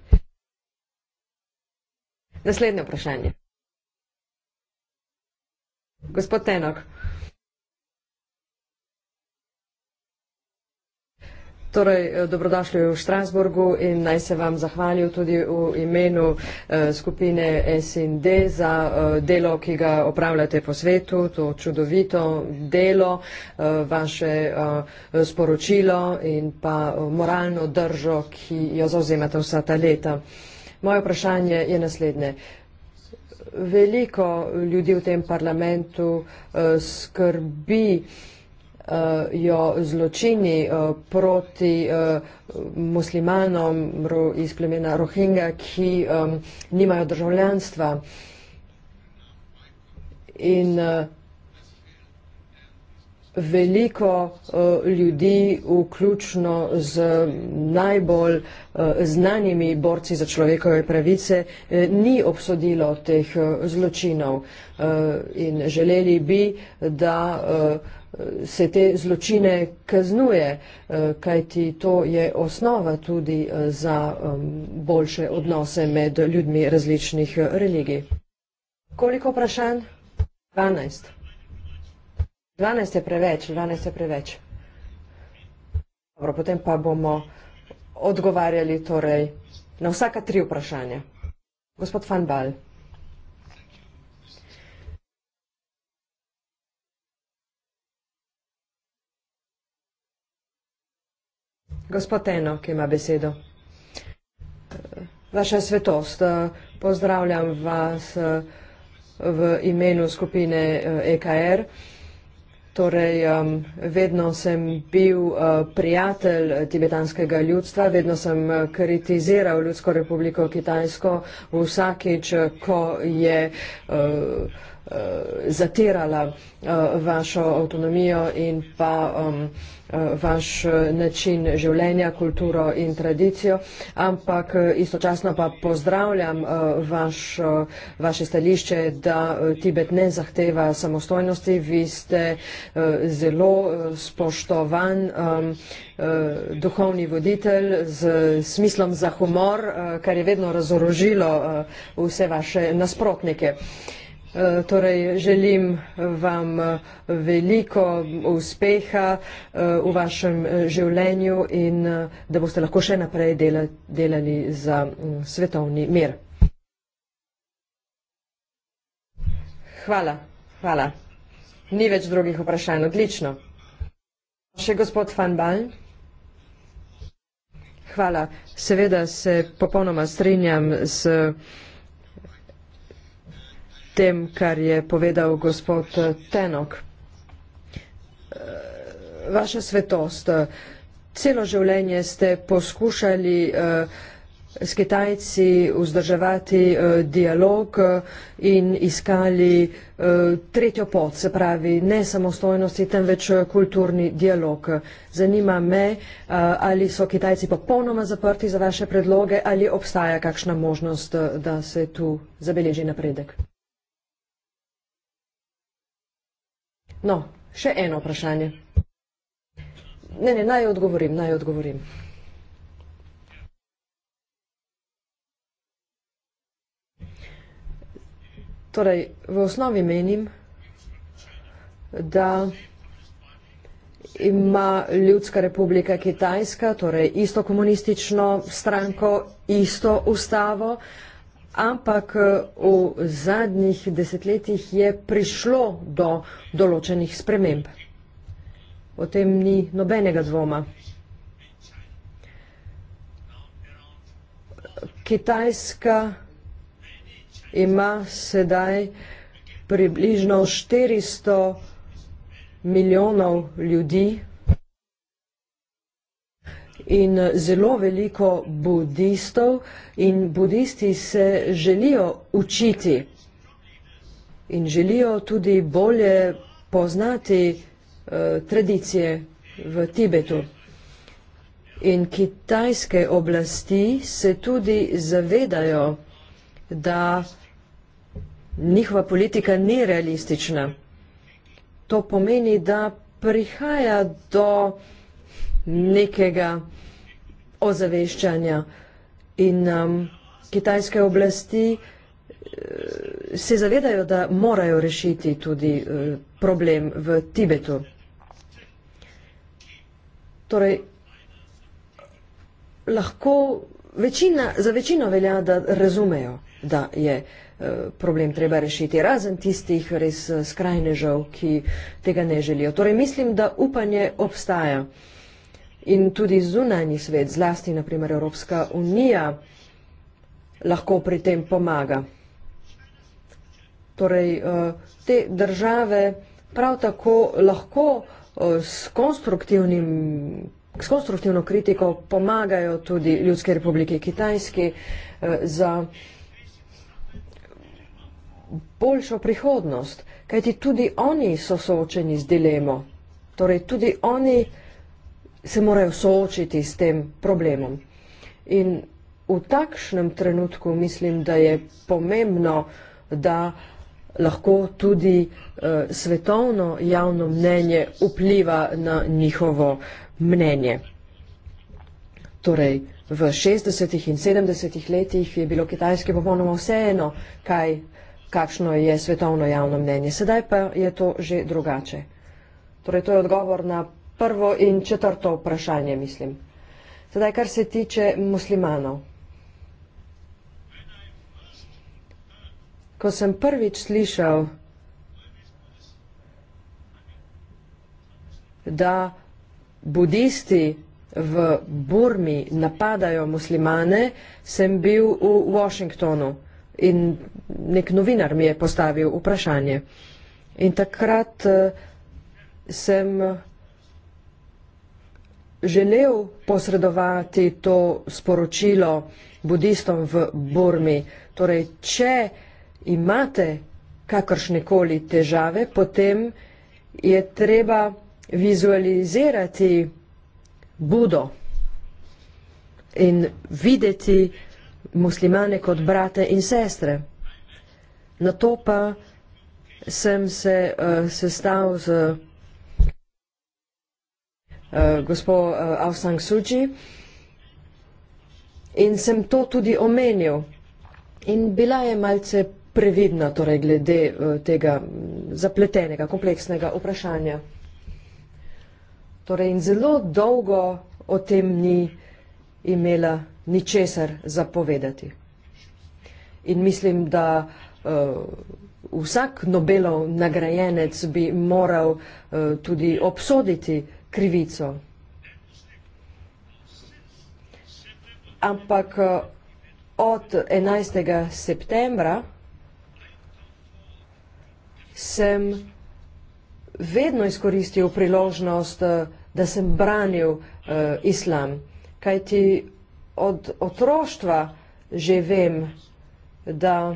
Naslednje vprašanje. Gospod Tenok. Torej, eh, dobrodošli v Štrasburgu in naj se vam zahvalil tudi v imenu eh, skupine SND za eh, delo, ki ga opravljate po svetu, to čudovito delo, vaše sporočilo in pa moralno držo, ki jo zauzemate vsa ta leta. Moje vprašanje je naslednje. Veliko ljudi v tem parlamentu skrbi uh, jo zločini uh, proti uh, muslimanom iz plemena Rohingja, ki um, nimajo državljanstva. In uh, veliko uh, ljudi, vključno z najbolj uh, znanimi borci za človekove pravice, eh, ni obsodilo teh uh, zločinov. Uh, in želeli bi, da uh, se te zločine kaznuje, eh, kajti to je osnova tudi eh, za boljše odnose med ljudmi različnih eh, religij. Koliko vprašanj? 12. 12 je preveč, 12 je preveč. Dobro, potem pa bomo odgovarjali torej na vsaka tri vprašanja. Gospod Fanbal. Hvala. Gospod Eno, ki ima besedo. Vaša svetost, pozdravljam vas v imenu skupine EKR. Torej, um, vedno sem bil uh, prijatelj tibetanskega ljudstva, vedno sem uh, kritiziral Ljudsko republiko Kitajsko vsakič, ko je uh, Eh, zatirala eh, vašo avtonomijo in pa um, eh, vaš način življenja, kulturo in tradicijo, ampak istočasno pa pozdravljam vaš, vaše stališče, da Tibet ne zahteva samostojnosti. Vi ste zelo spoštovan um, duhovni voditelj z smislom za humor, kar je vedno razorožilo vse vaše nasprotnike. Eh, torej, želim eh, vam eh, veliko uspeha v vašem življenju in da boste lahko še naprej delali za mm, svetovni mir. Hvala, hvala. Ni več drugih vprašanj, odlično. Še gospod Van Balj. Hvala. Seveda se popolnoma strinjam s vsega, tem, kar je povedal gospod Tenok. Vaša svetost, celo življenje ste poskušali eh, s Kitajci vzdrževati eh, dialog eh, in iskali tretjo pot, se pravi ne samostojnosti, temveč kulturni dialog. Zanima me, ali so Kitajci popolnoma zaprti za vaše predloge ali obstaja kakšna možnost, da se tu zabeleži napredek. No, še eno vprašanje. Ne, ne, naj odgovorim, naj odgovorim. Torej, v osnovi menim, da ima Ljudska republika Kitajska, torej isto komunistično stranko, isto ustavo, uh, ampak eh, v zadnjih desetletjih je prišlo do določenih sprememb. O tem ni nobenega dvoma. Kitajska ima sedaj približno 400 milijonov ljudi in eh, zelo veliko budistov in budisti se želijo učiti in želijo tudi bolje poznati uh, tradicije v Tibetu. In kitajske oblasti se tudi zavedajo, da njihova politika ni realistična. To pomeni, da prihaja do uh, nekega ozaveščanja. In um, kitajske oblasti uh, se zavedajo, da morajo rešiti tudi uh, problem v Tibetu. Torej, lahko večina, za večino velja, da razumejo, da je uh, problem treba rešiti, razen tistih res skrajnežev, ki tega ne želijo. Torej, mislim, da upanje obstaja in tudi zunanji svet, zlasti naprimer Evropska unija, lahko pri tem pomaga. Torej, eh, te države prav tako lahko eh, s, s konstruktivno kritiko pomagajo tudi Ljudske republike Kitajski eh, za boljšo prihodnost, kajti tudi oni so soočeni z dilemo. Torej, tudi oni se morajo soočiti s tem problemom. In v takšnem trenutku mislim, da je pomembno, da lahko tudi eh, svetovno javno mnenje vpliva na njihovo mnenje. Torej, v 60. in 70. letih je bilo kitajske popolnoma vseeno, kaj, kakšno je svetovno javno mnenje. Sedaj pa je to že drugače. Torej, to je odgovor na prvo in četrto vprašanje, mislim. Sedaj, kar se tiče muslimanov. Ko sem prvič slišal, da budisti v Burmi napadajo muslimane, sem bil v Washingtonu in nek novinar mi je postavil vprašanje. In takrat eh, sem želel posredovati to sporočilo budistom v Burmi. Torej, če imate kakršnekoli težave, potem je treba vizualizirati Budo in videti muslimane kot brate in sestre. Na to pa sem se uh, sestal z uh, Eh, gospod eh, Aung San Suu Kyi in sem to tudi omenil. In bila je malce previdna, torej glede eh, tega mm, zapletenega, kompleksnega vprašanja. Torej in zelo dolgo o tem ni imela ničesar zapovedati. In mislim, da uh, vsak Nobelov nagrajenec bi moral uh, tudi obsoditi krivico. Ampak eh, od 11. septembra sem vedno izkoristil priložnost, eh, da sem branil uh, islam, kajti od otroštva že vem, da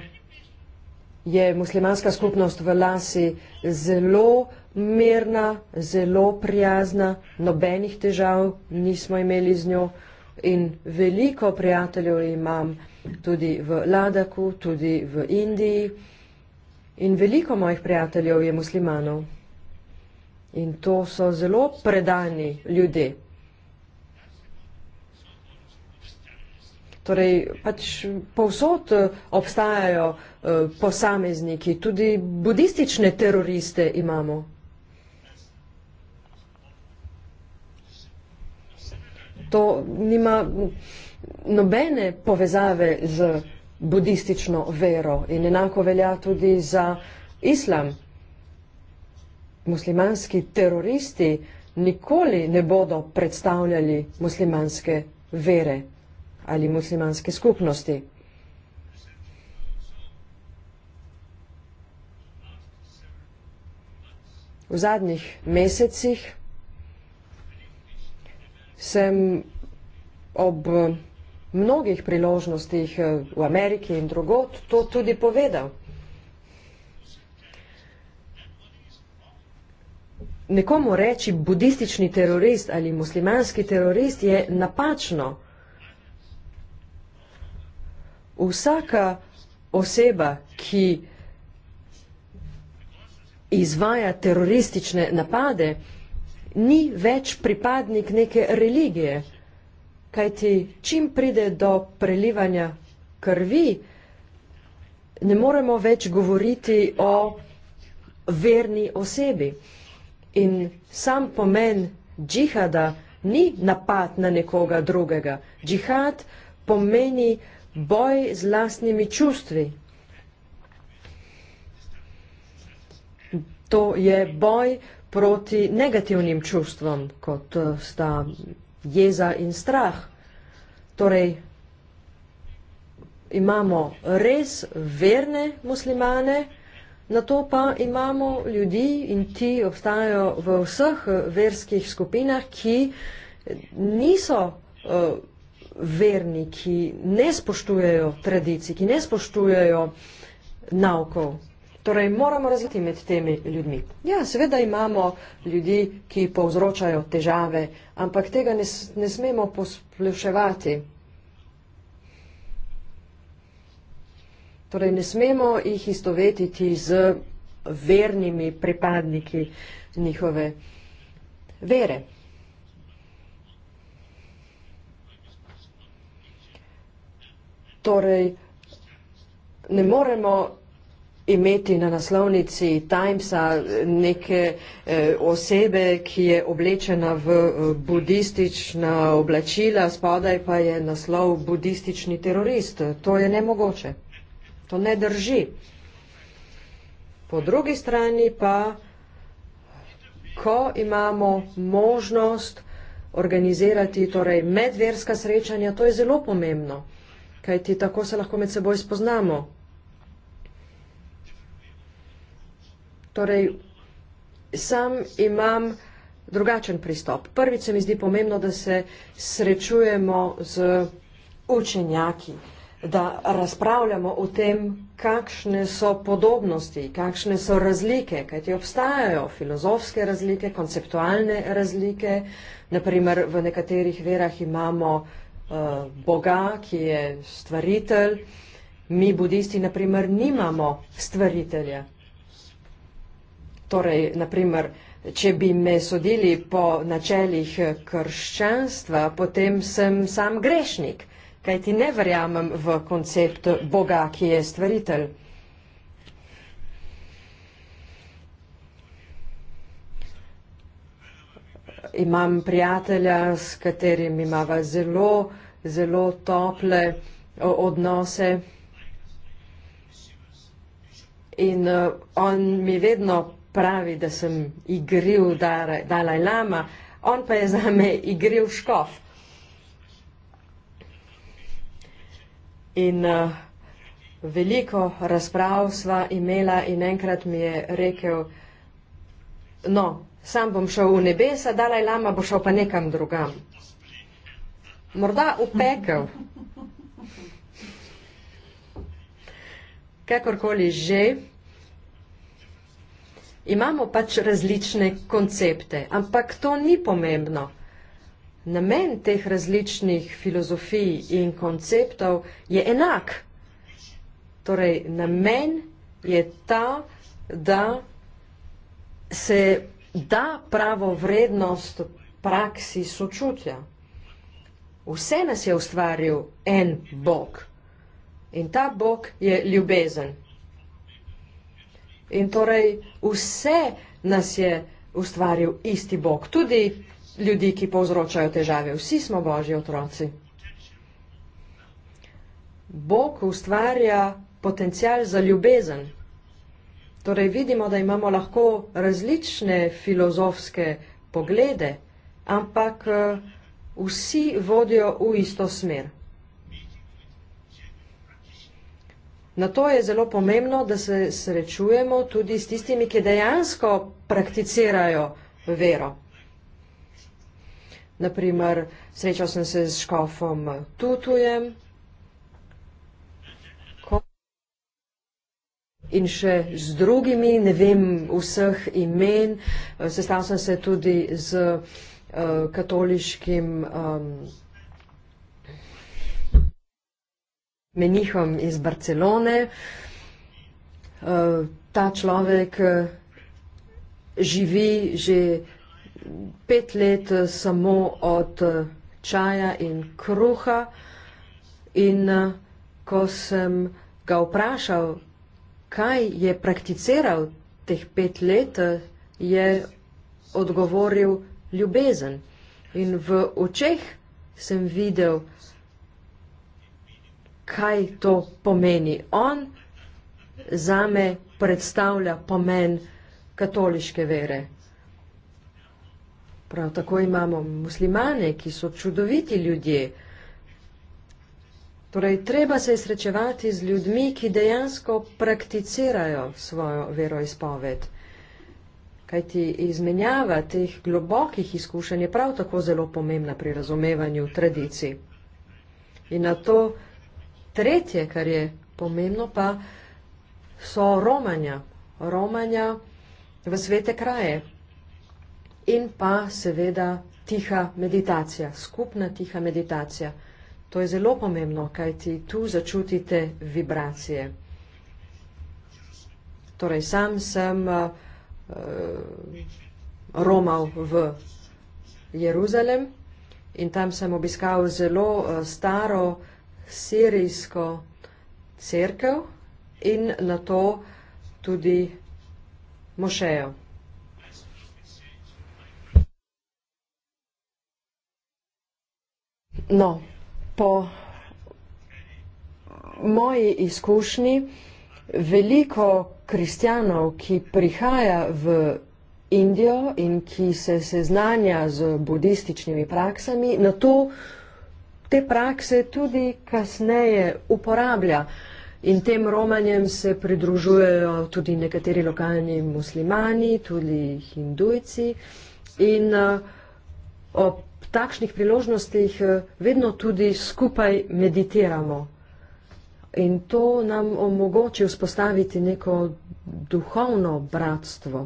je muslimanska skupnost v Lasi zelo mirna, zelo prijazna, nobenih težav nismo imeli z njo in veliko prijateljev imam tudi v Ladaku, tudi v Indiji in veliko mojih prijateljev je muslimanov. In to so zelo predani ljudje. Torej, pač povsod eh, obstajajo uh, posamezniki, tudi budistične teroriste imamo. to nima nobene povezave z budistično vero in enako velja tudi za islam. Muslimanski teroristi nikoli ne bodo predstavljali muslimanske vere ali muslimanske skupnosti. V zadnjih mesecih sem ob mnogih priložnostih eh, v Ameriki in drugod to tudi povedal. Nekomu reči budistični terorist ali muslimanski terorist je napačno. Vsaka oseba, ki izvaja teroristične napade, ni več pripadnik neke religije. Kajti, čim pride do prelivanja krvi, ne moremo več govoriti o verni osebi. In sam pomen džihada ni napad na nekoga drugega. Džihad pomeni boj z lastnimi čustvi. To je boj proti negativnim čustvom, kot eh, sta jeza in strah. Torej, imamo res verne muslimane, na to pa imamo ljudi in ti obstajajo v vseh eh, verskih skupinah, ki niso eh, verni, ki ne spoštujejo tradicij, ki ne spoštujejo naukov. Torej, moramo razviti med temi ljudmi. Ja, seveda imamo ljudi, ki povzročajo težave, ampak tega ne, ne smemo posploševati. Torej, ne smemo jih istovetiti z vernimi pripadniki njihove vere. Torej, ne moremo imeti na naslovnici Timesa neke eh, osebe, ki je oblečena v eh, budistična oblačila, spodaj pa je naslov budistični terorist. To je nemogoče. To ne drži. Po drugi strani pa, ko imamo možnost organizirati torej medverska srečanja, to je zelo pomembno, kajti tako se lahko med seboj spoznamo, Torej, sam imam drugačen pristop. Prvič se mi zdi pomembno, da se srečujemo z učenjaki, da razpravljamo o tem, kakšne so podobnosti, kakšne so razlike, kajti obstajajo filozofske razlike, konceptualne razlike. Naprimer, v nekaterih verah imamo uh, Boga, ki je stvaritelj. Mi, budisti, naprimer, nimamo stvaritelja. Torej, naprimer, če bi me sodili po načelih krščanstva, potem sem sam grešnik, kaj ti ne verjamem v koncept Boga, ki je stvaritelj. Imam prijatelja, s katerim imava zelo, zelo tople odnose. In eh, on mi vedno pravi, da sem igril Dalaj Lama, on pa je za me igril škof. In uh, veliko razprav sva imela in enkrat mi je rekel, no, sam bom šel v nebesa, Dalaj Lama bo šel pa nekam drugam. Morda v pekel. Kakorkoli že. Imamo pač različne koncepte, ampak to ni pomembno. Namen teh različnih filozofij in konceptov je enak. Torej, namen je ta, da se da pravo vrednost praksi sočutja. Vse nas je ustvaril en Bog. In ta Bog je ljubezen. In torej vse nas je ustvaril isti Bog, tudi ljudi, ki povzročajo težave. Vsi smo Božji otroci. Bog ustvarja potencial za ljubezen. Torej vidimo, da imamo lahko različne filozofske poglede, ampak eh, vsi vodijo v isto smer. Na to je zelo pomembno, da se srečujemo tudi s tistimi, ki dejansko prakticirajo vero. Naprimer, srečal sem se z škofom Tutujem in še z drugimi, ne vem vseh imen. Sestal sem se tudi z uh, katoliškim. Um, menihom iz Barcelone. Eh, ta človek eh, živi že pet let eh, samo od čaja in kruha in ko sem ga vprašal, kaj je prakticiral teh pet let, je odgovoril ljubezen. In v očeh sem videl, da je kaj to pomeni. On zame predstavlja pomen katoliške vere. Prav tako imamo muslimane, ki so čudoviti ljudje. Torej, treba se srečevati z ljudmi, ki dejansko prakticirajo svojo veroizpoved. Kajti izmenjava teh globokih izkušenj je prav tako zelo pomembna pri razumevanju tradicij. In na to, da Tretje, kar je pomembno, pa so romanja, romanja v svete kraje in pa seveda tiha meditacija, skupna tiha meditacija. To je zelo pomembno, kaj ti tu začutite vibracije. Torej, sam sem uh, uh, romal v Jeruzalem in tam sem obiskal zelo uh, staro uh, sirijsko crkev in na to tudi mošejo. No, po moji izkušnji veliko kristjanov, ki prihaja v Indijo in ki se seznanja z budističnimi praksami, na to te prakse tudi kasneje uporablja. In tem romanjem se pridružujejo tudi nekateri lokalni muslimani, tudi hindujci. In eh, ob takšnih priložnostih eh, vedno tudi skupaj meditiramo. In to nam omogoče vzpostaviti neko duhovno bratstvo.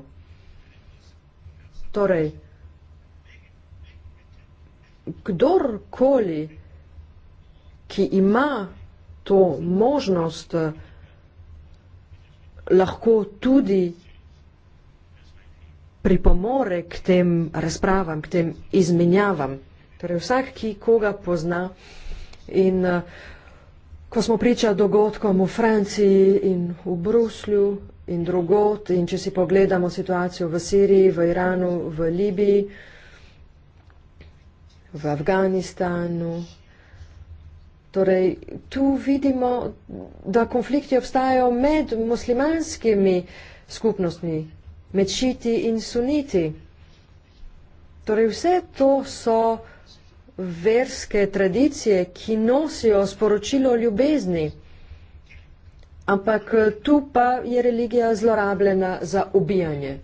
Torej, kdorkoli ki ima to možnost, lahko tudi pripomore k tem razpravam, k tem izmenjavam. Torej vsak, ki koga pozna in ko smo priča dogodkom v Franciji in v Bruslju in drugot in če si pogledamo situacijo v Siriji, v Iranu, v Libiji, v Afganistanu, Torej, tu vidimo, da konflikti obstajajo med muslimanskimi skupnostmi, med šiti in suniti. Torej, vse to so verske tradicije, ki nosijo sporočilo ljubezni. Ampak tu pa je religija zlorabljena za ubijanje.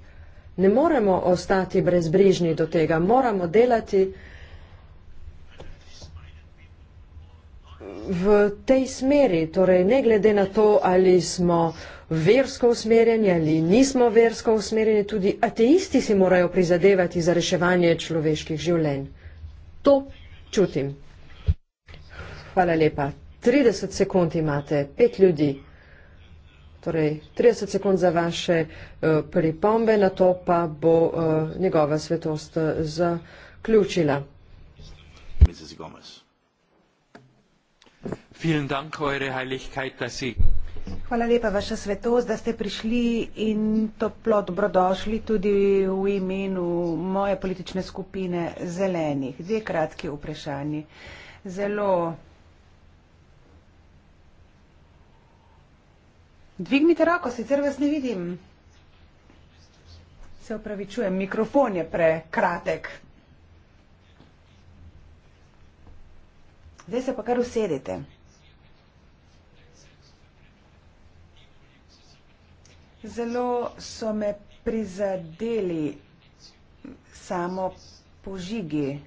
Ne moremo ostati brezbrižni do tega, moramo delati. v tej smeri, torej ne glede na to, ali smo versko usmerjeni ali nismo versko usmerjeni, tudi ateisti si morajo prizadevati za reševanje človeških življenj. To čutim. Hvala lepa. 30 sekund imate, pet ljudi. Torej, 30 sekund za vaše uh, pripombe, na to pa bo uh, njegova svetost eh, zaključila. Mrs. Gomez. Hvala lepa, vaša svetost, da ste prišli in toplo dobrodošli tudi v imenu moje politične skupine Zelenih. Dve kratki vprašanji. Zelo. Dvignite roko, sicer vas ne vidim. Se upravičujem, mikrofon je prekratek. Zdaj se pa kar usedite. zelo so me prizadeli samo požigi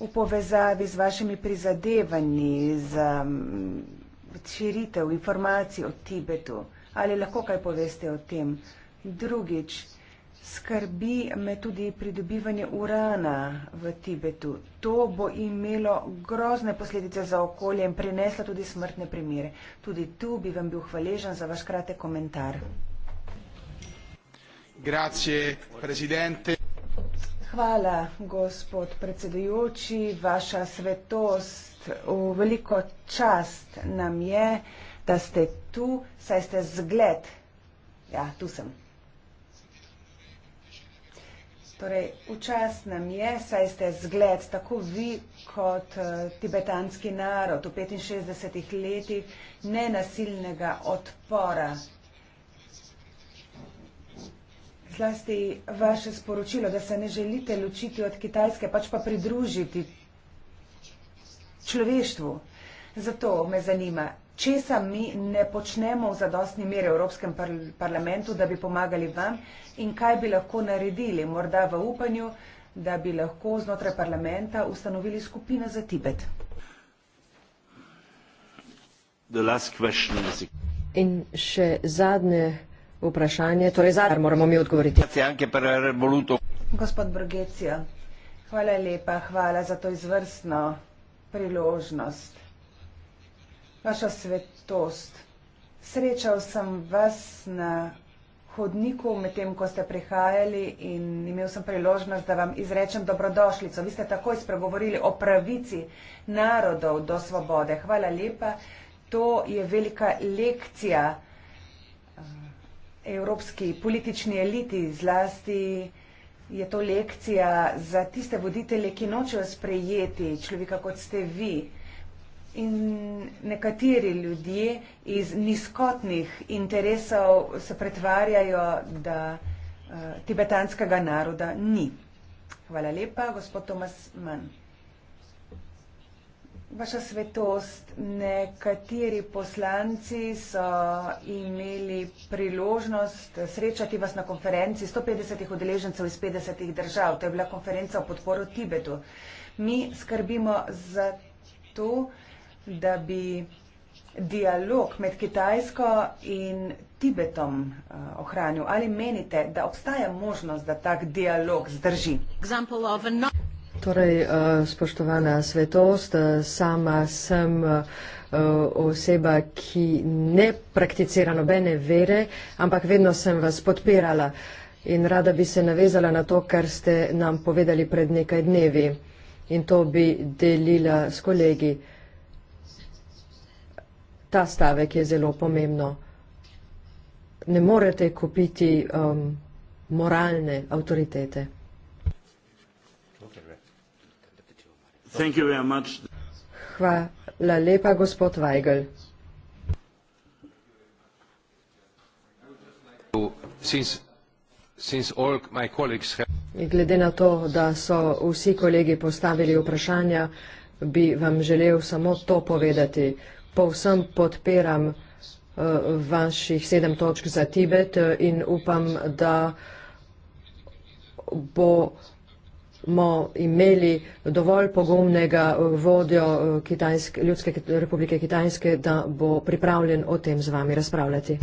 v povezavi z vašimi prizadevanji za mm, širitev informacij o Tibetu. Ali lahko kaj poveste o tem? Drugič, skrbi me tudi pridobivanje urana v Tibetu. To bo imelo grozne posledice za okolje in prineslo tudi smrtne primere. Tudi tu bi vam bil hvaležen za vaš kratek komentar. Hvala, gospod predsedujoči, vaša svetost, v veliko čast nam je, da ste tu, saj ste zgled. Ja, tu sem. Torej, v čast nam je, saj ste zgled, tako vi kot eh, tibetanski narod v petinšestdesetih letih nenasilnega odpora zlasti vaše sporočilo, da se ne želite ločiti od Kitajske, pač pa pridružiti človeštvu. Zato me zanima, če se mi ne počnemo v zadostni meri v Evropskem par parlamentu, da bi pomagali vam in kaj bi lahko naredili, morda v upanju, da bi lahko znotraj parlamenta ustanovili skupino za Tibet. In še zadnje vprašanje, torej zadnje, kar moramo mi odgovoriti. Gospod Brgecijo, hvala lepa, hvala za to izvrstno priložnost. Vaša svetost, srečal sem vas na hodniku med tem, ko ste prihajali in imel sem priložnost, da vam izrečem dobrodošlico. Vi ste takoj spregovorili o pravici narodov do svobode. Hvala lepa. To je velika lekcija evropski politični eliti zlasti je to lekcija za tiste voditelje, ki nočejo sprejeti človeka kot ste vi. In nekateri ljudje iz nizkotnih interesov se pretvarjajo, da uh, tibetanskega naroda ni. Hvala lepa, gospod Tomas Mann. Vaša svetost, nekateri poslanci so imeli priložnost srečati vas na konferenci 150 udeležencev iz 50 držav. To je bila konferenca o podporu Tibetu. Mi skrbimo za to, da bi dialog med Kitajsko in Tibetom eh, ohranil. Ali menite, da obstaja možnost, da tak dialog zdrži? Torej, eh, spoštovana svetost, eh, sama sem eh, oseba, ki ne prakticira nobene vere, ampak vedno sem vas podpirala in rada bi se navezala na to, kar ste nam povedali pred nekaj dnevi in to bi delila s kolegi. Ta stavek je zelo pomembno. Ne morete kupiti moralne avtoritete. Hvala lepa, gospod Weigl. Glede na to, da so vsi kolegi postavili vprašanja, bi vam želel samo to povedati. Povsem podpiram eh, vaših sedem točk za Tibet eh, in upam, da bo vsega smo imeli dovolj pogumnega eh, vodjo eh, Kitajske, Ljudske republike Kitajske, da bo pripravljen o tem z vami razpravljati.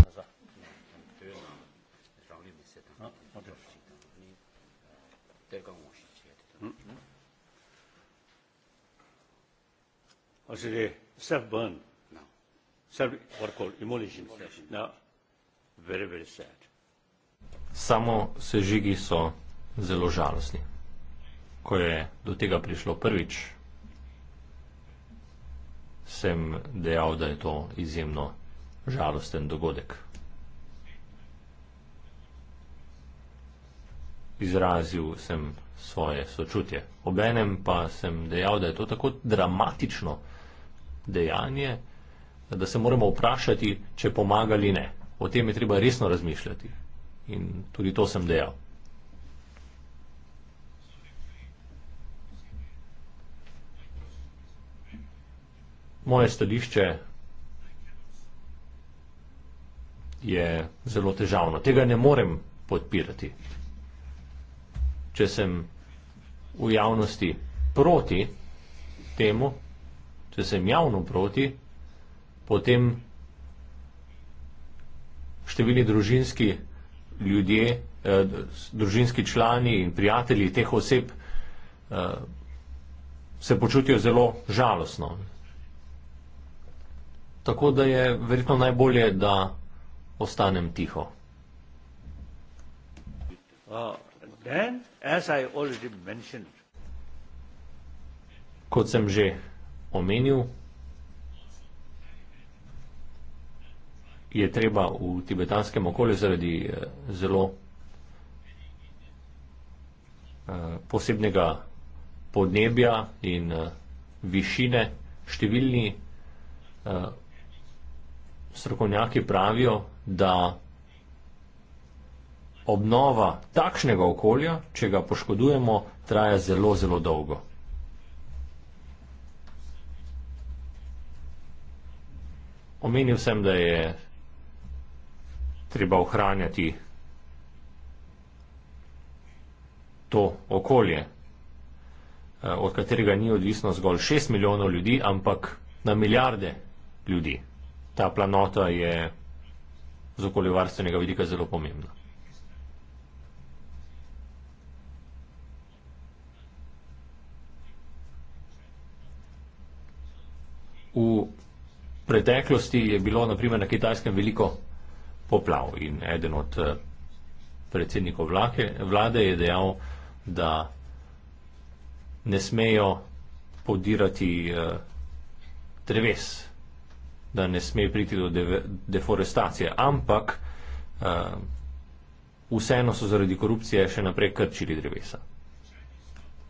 No. No. Samo sežigi so zelo žalostni ko je do tega prišlo prvič, sem dejal, da je to izjemno žalosten dogodek. Izrazil sem svoje sočutje. Obenem pa sem dejal, da je to tako dramatično dejanje, da se moramo vprašati, če pomagali ne. O tem je treba resno razmišljati. In tudi to sem dejal. moje stališče je zelo težavno. Tega ne morem podpirati. Če sem v javnosti proti temu, če sem javno proti, potem številni družinski ljudje, eh, družinski člani in prijatelji teh oseb eh, se počutijo zelo žalostno. Tako da je verjetno najbolje, da ostanem tiho. Uh, Kot sem že omenil, je treba v tibetanskem okolju zaradi eh, zelo eh, posebnega podnebja in eh, višine številni strokovnjaki pravijo, da obnova takšnega okolja, če ga poškodujemo, traja zelo, zelo dolgo. Omenil sem, da je treba ohranjati to okolje, eh, od katerega ni odvisno zgolj 6 milijonov ljudi, ampak na milijarde ljudi ta planota je z okoljevarstvenega vidika zelo pomembna. V preteklosti je bilo naprimer na Kitajskem veliko poplav in eden od eh, predsednikov vlake, vlade je dejal, da ne smejo podirati eh, dreves, da ne sme priti do de deforestacije. Ampak uh, vseeno so zaradi korupcije še naprej krčili drevesa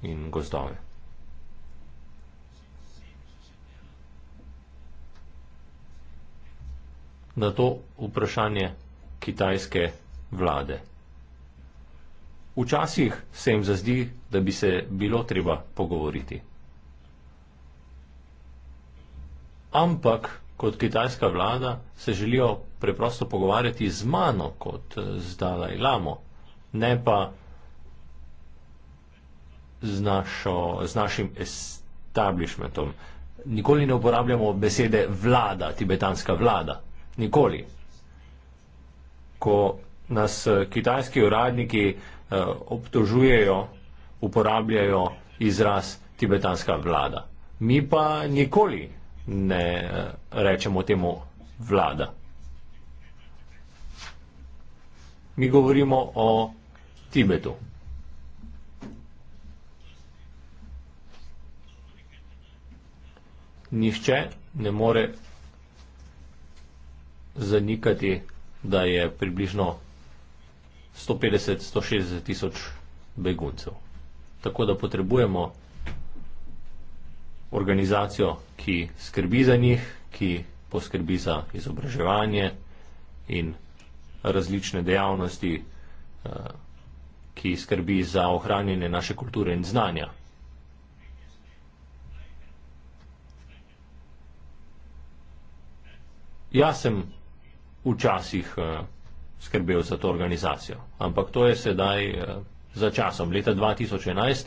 in gozdove. Na to vprašanje kitajske vlade. Včasih se jim zazdi, da bi se bilo treba pogovoriti. Ampak kot kitajska vlada se želijo preprosto pogovarjati z mano kot eh, z Dalajlamo, ne pa z, našo, z našim establishmentom. Nikoli ne uporabljamo besede vlada, tibetanska vlada. Nikoli. Ko nas eh, kitajski uradniki eh, obtožujejo, uporabljajo izraz tibetanska vlada. Mi pa nikoli ne eh, rečemo temu vlada. Mi govorimo o Tibetu. Nihče ne more zanikati, da je približno 150-160 tisoč beguncev. Tako da potrebujemo organizacijo, ki skrbi za njih, ki poskrbi za izobraževanje in različne dejavnosti, eh, ki skrbi za ohranjanje naše kulture in znanja. Jaz sem včasih eh, skrbel za to organizacijo, ampak to je sedaj eh, za časom. Leta 2011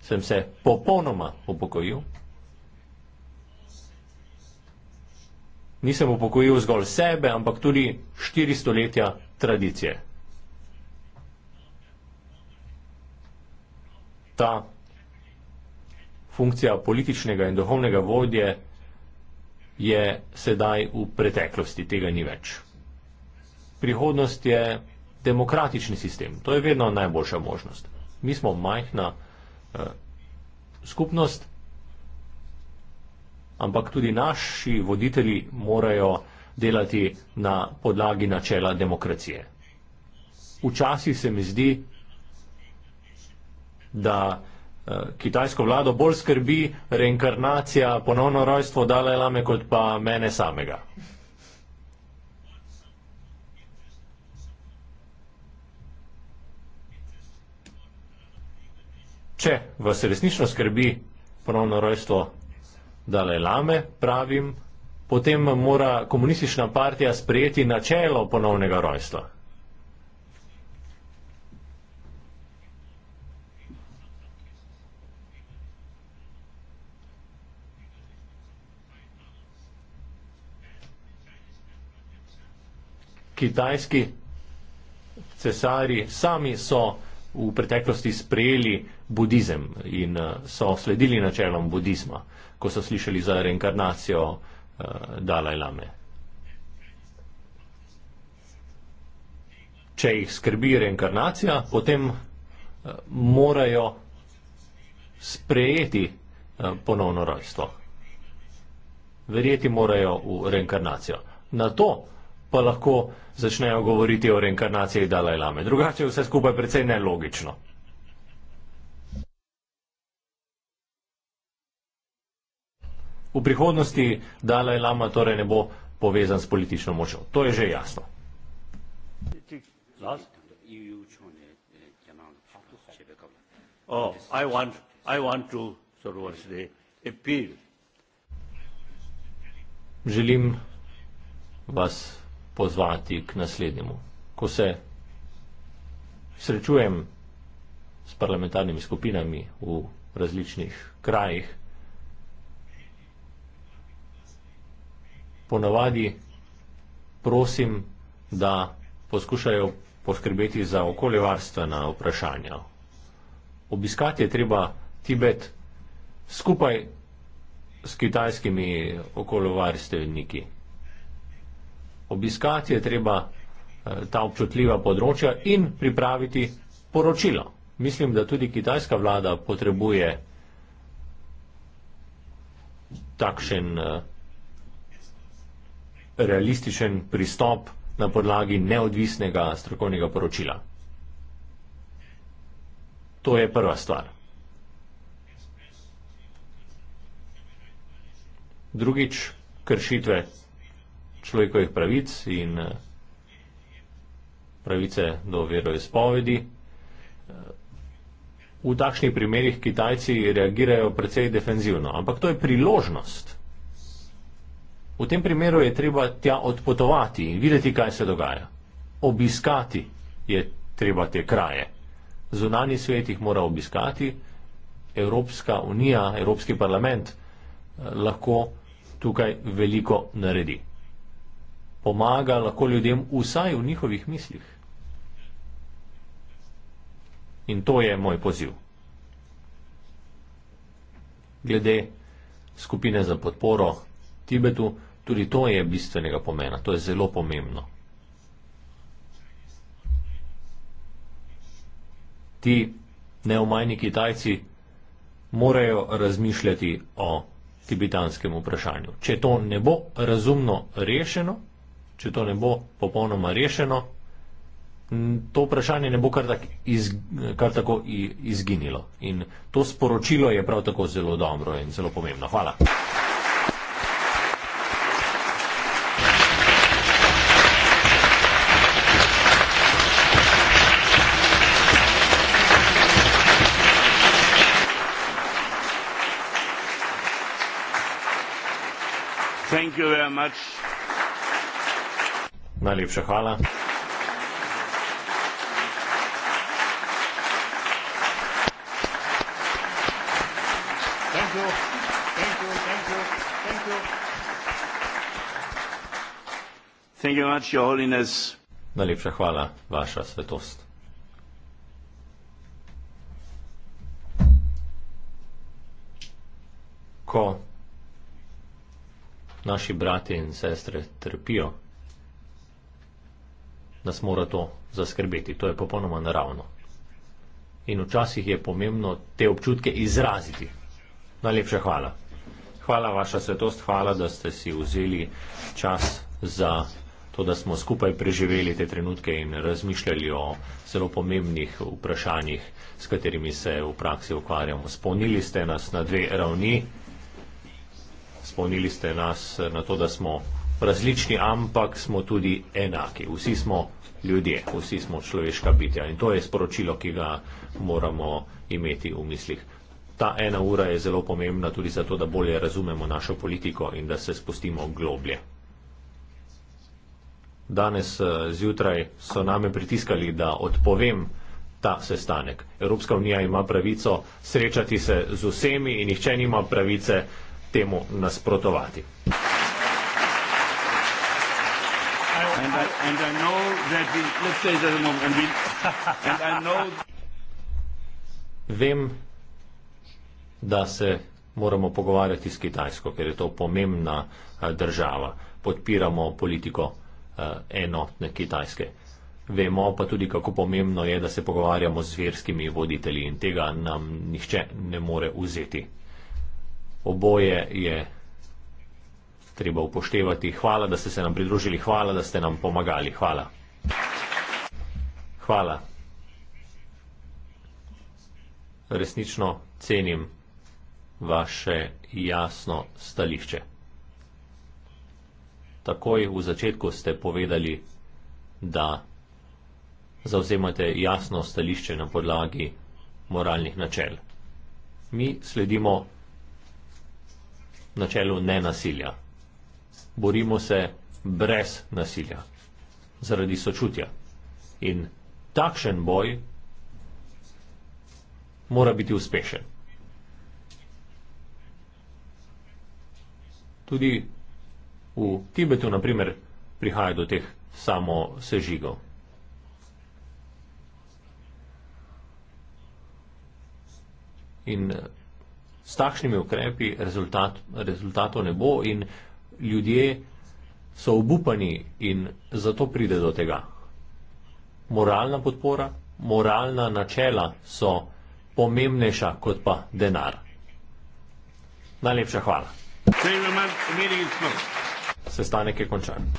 sem se popolnoma upokojil nisem upokojil zgolj sebe, ampak tudi štiri stoletja tradicije. Ta funkcija političnega in duhovnega vodje je sedaj v preteklosti, tega ni več. Prihodnost je demokratični sistem, to je vedno najboljša možnost. Mi smo majhna eh, skupnost, ampak tudi naši voditelji morajo delati na podlagi načela demokracije. Včasih se mi zdi, da eh, kitajsko vlado bolj skrbi reinkarnacija, ponovno rojstvo Dalaj Lame kot pa mene samega. Če vas resnično skrbi ponovno rojstvo Dalai Lame, pravim, potem mora komunistična partija sprejeti načelo ponovnega rojstva. Kitajski cesari sami so v preteklosti sprejeli budizem in eh, so sledili načelom budizma ko so slišali za reinkarnacijo uh, Dalaj Lame. Če jih skrbi reinkarnacija, potem uh, morajo sprejeti uh, ponovno rojstvo. Verjeti morajo v reinkarnacijo. Na to pa lahko začnejo govoriti o reinkarnaciji Dalaj Lame. Drugače je vse skupaj precej nelogično. v prihodnosti Dalaj Lama torej ne bo povezan s politično močjo. To je že jasno. Oh, Želim vas pozvati k naslednjemu. Ko se srečujem s parlamentarnimi skupinami v različnih krajih, ponavadi prosim, da poskušajo poskrbeti za okoljevarstvena vprašanja. Obiskati je treba Tibet skupaj s kitajskimi okoljevarstveniki. Obiskati je treba eh, ta občutljiva področja in pripraviti poročilo. Mislim, da tudi kitajska vlada potrebuje takšen uh, realističen pristop na podlagi neodvisnega strokovnega poročila. To je prva stvar. Drugič, kršitve človekovih pravic in eh, pravice do veroizpovedi. V takšnih primerih Kitajci reagirajo precej defenzivno, ampak to je priložnost. V tem primeru je treba tja odpotovati in videti, kaj se dogaja. Obiskati je treba te kraje. Zunani svet jih mora obiskati, Evropska unija, Evropski parlament eh, lahko tukaj veliko naredi. Pomaga lahko ljudem vsaj v njihovih mislih. In to je moj poziv. Glede skupine za podporo Tibetu. Tudi to je bistvenega pomena, to je zelo pomembno. Ti neomajni Kitajci morajo razmišljati o tibetanskem vprašanju. Če to ne bo razumno rešeno, če to ne bo popolnoma rešeno, to vprašanje ne bo kar, tak iz, kar tako izginilo. In to sporočilo je prav tako zelo dobro in zelo pomembno. Hvala. Thank you very much. Najlepša hvala. Thank you much, your holiness. Najlepša hvala, vaša svetost. Ko naši brati in sestre trpijo, nas mora to zaskrbeti. To je popolnoma naravno. In včasih je pomembno te občutke izraziti. Najlepša hvala. Hvala vaša svetost, hvala, da ste si vzeli čas za to, da smo skupaj preživeli te trenutke in razmišljali o zelo pomembnih vprašanjih, s katerimi se v praksi ukvarjamo. Spomnili ste nas na dve ravni spomnili ste nas na to, da smo različni, ampak smo tudi enaki. Vsi smo ljudje, vsi smo človeška bitja in to je sporočilo, ki ga moramo imeti v mislih. Ta ena ura je zelo pomembna tudi zato, da bolje razumemo našo politiko in da se spustimo globlje. Danes eh, zjutraj so name pritiskali, da odpovem ta sestanek. Evropska unija ima pravico srečati se z vsemi in nihče nima pravice temu nasprotovati. Vem, da se moramo pogovarjati s Kitajsko, ker je to pomembna eh, država. Podpiramo politiko eh, enotne Kitajske. Vemo pa tudi, kako pomembno je, da se pogovarjamo z verskimi voditelji in tega nam nihče ne more vzeti oboje je treba upoštevati. Hvala, da ste se nam pridružili, hvala, da ste nam pomagali. Hvala. Hvala. Resnično cenim vaše jasno stališče. Takoj v začetku ste povedali, da zauzemate jasno stališče na podlagi moralnih načel. Mi sledimo načelu nenasilja. Borimo se brez nasilja, zaradi sočutja. In takšen boj mora biti uspešen. Tudi v Tibetu, naprimer, prihaja do teh samo sežigov. In s takšnimi ukrepi rezultat, rezultatov ne bo in ljudje so obupani in zato pride do tega. Moralna podpora, moralna načela so pomembnejša kot pa denar. Najlepša hvala. Sestanek je končan.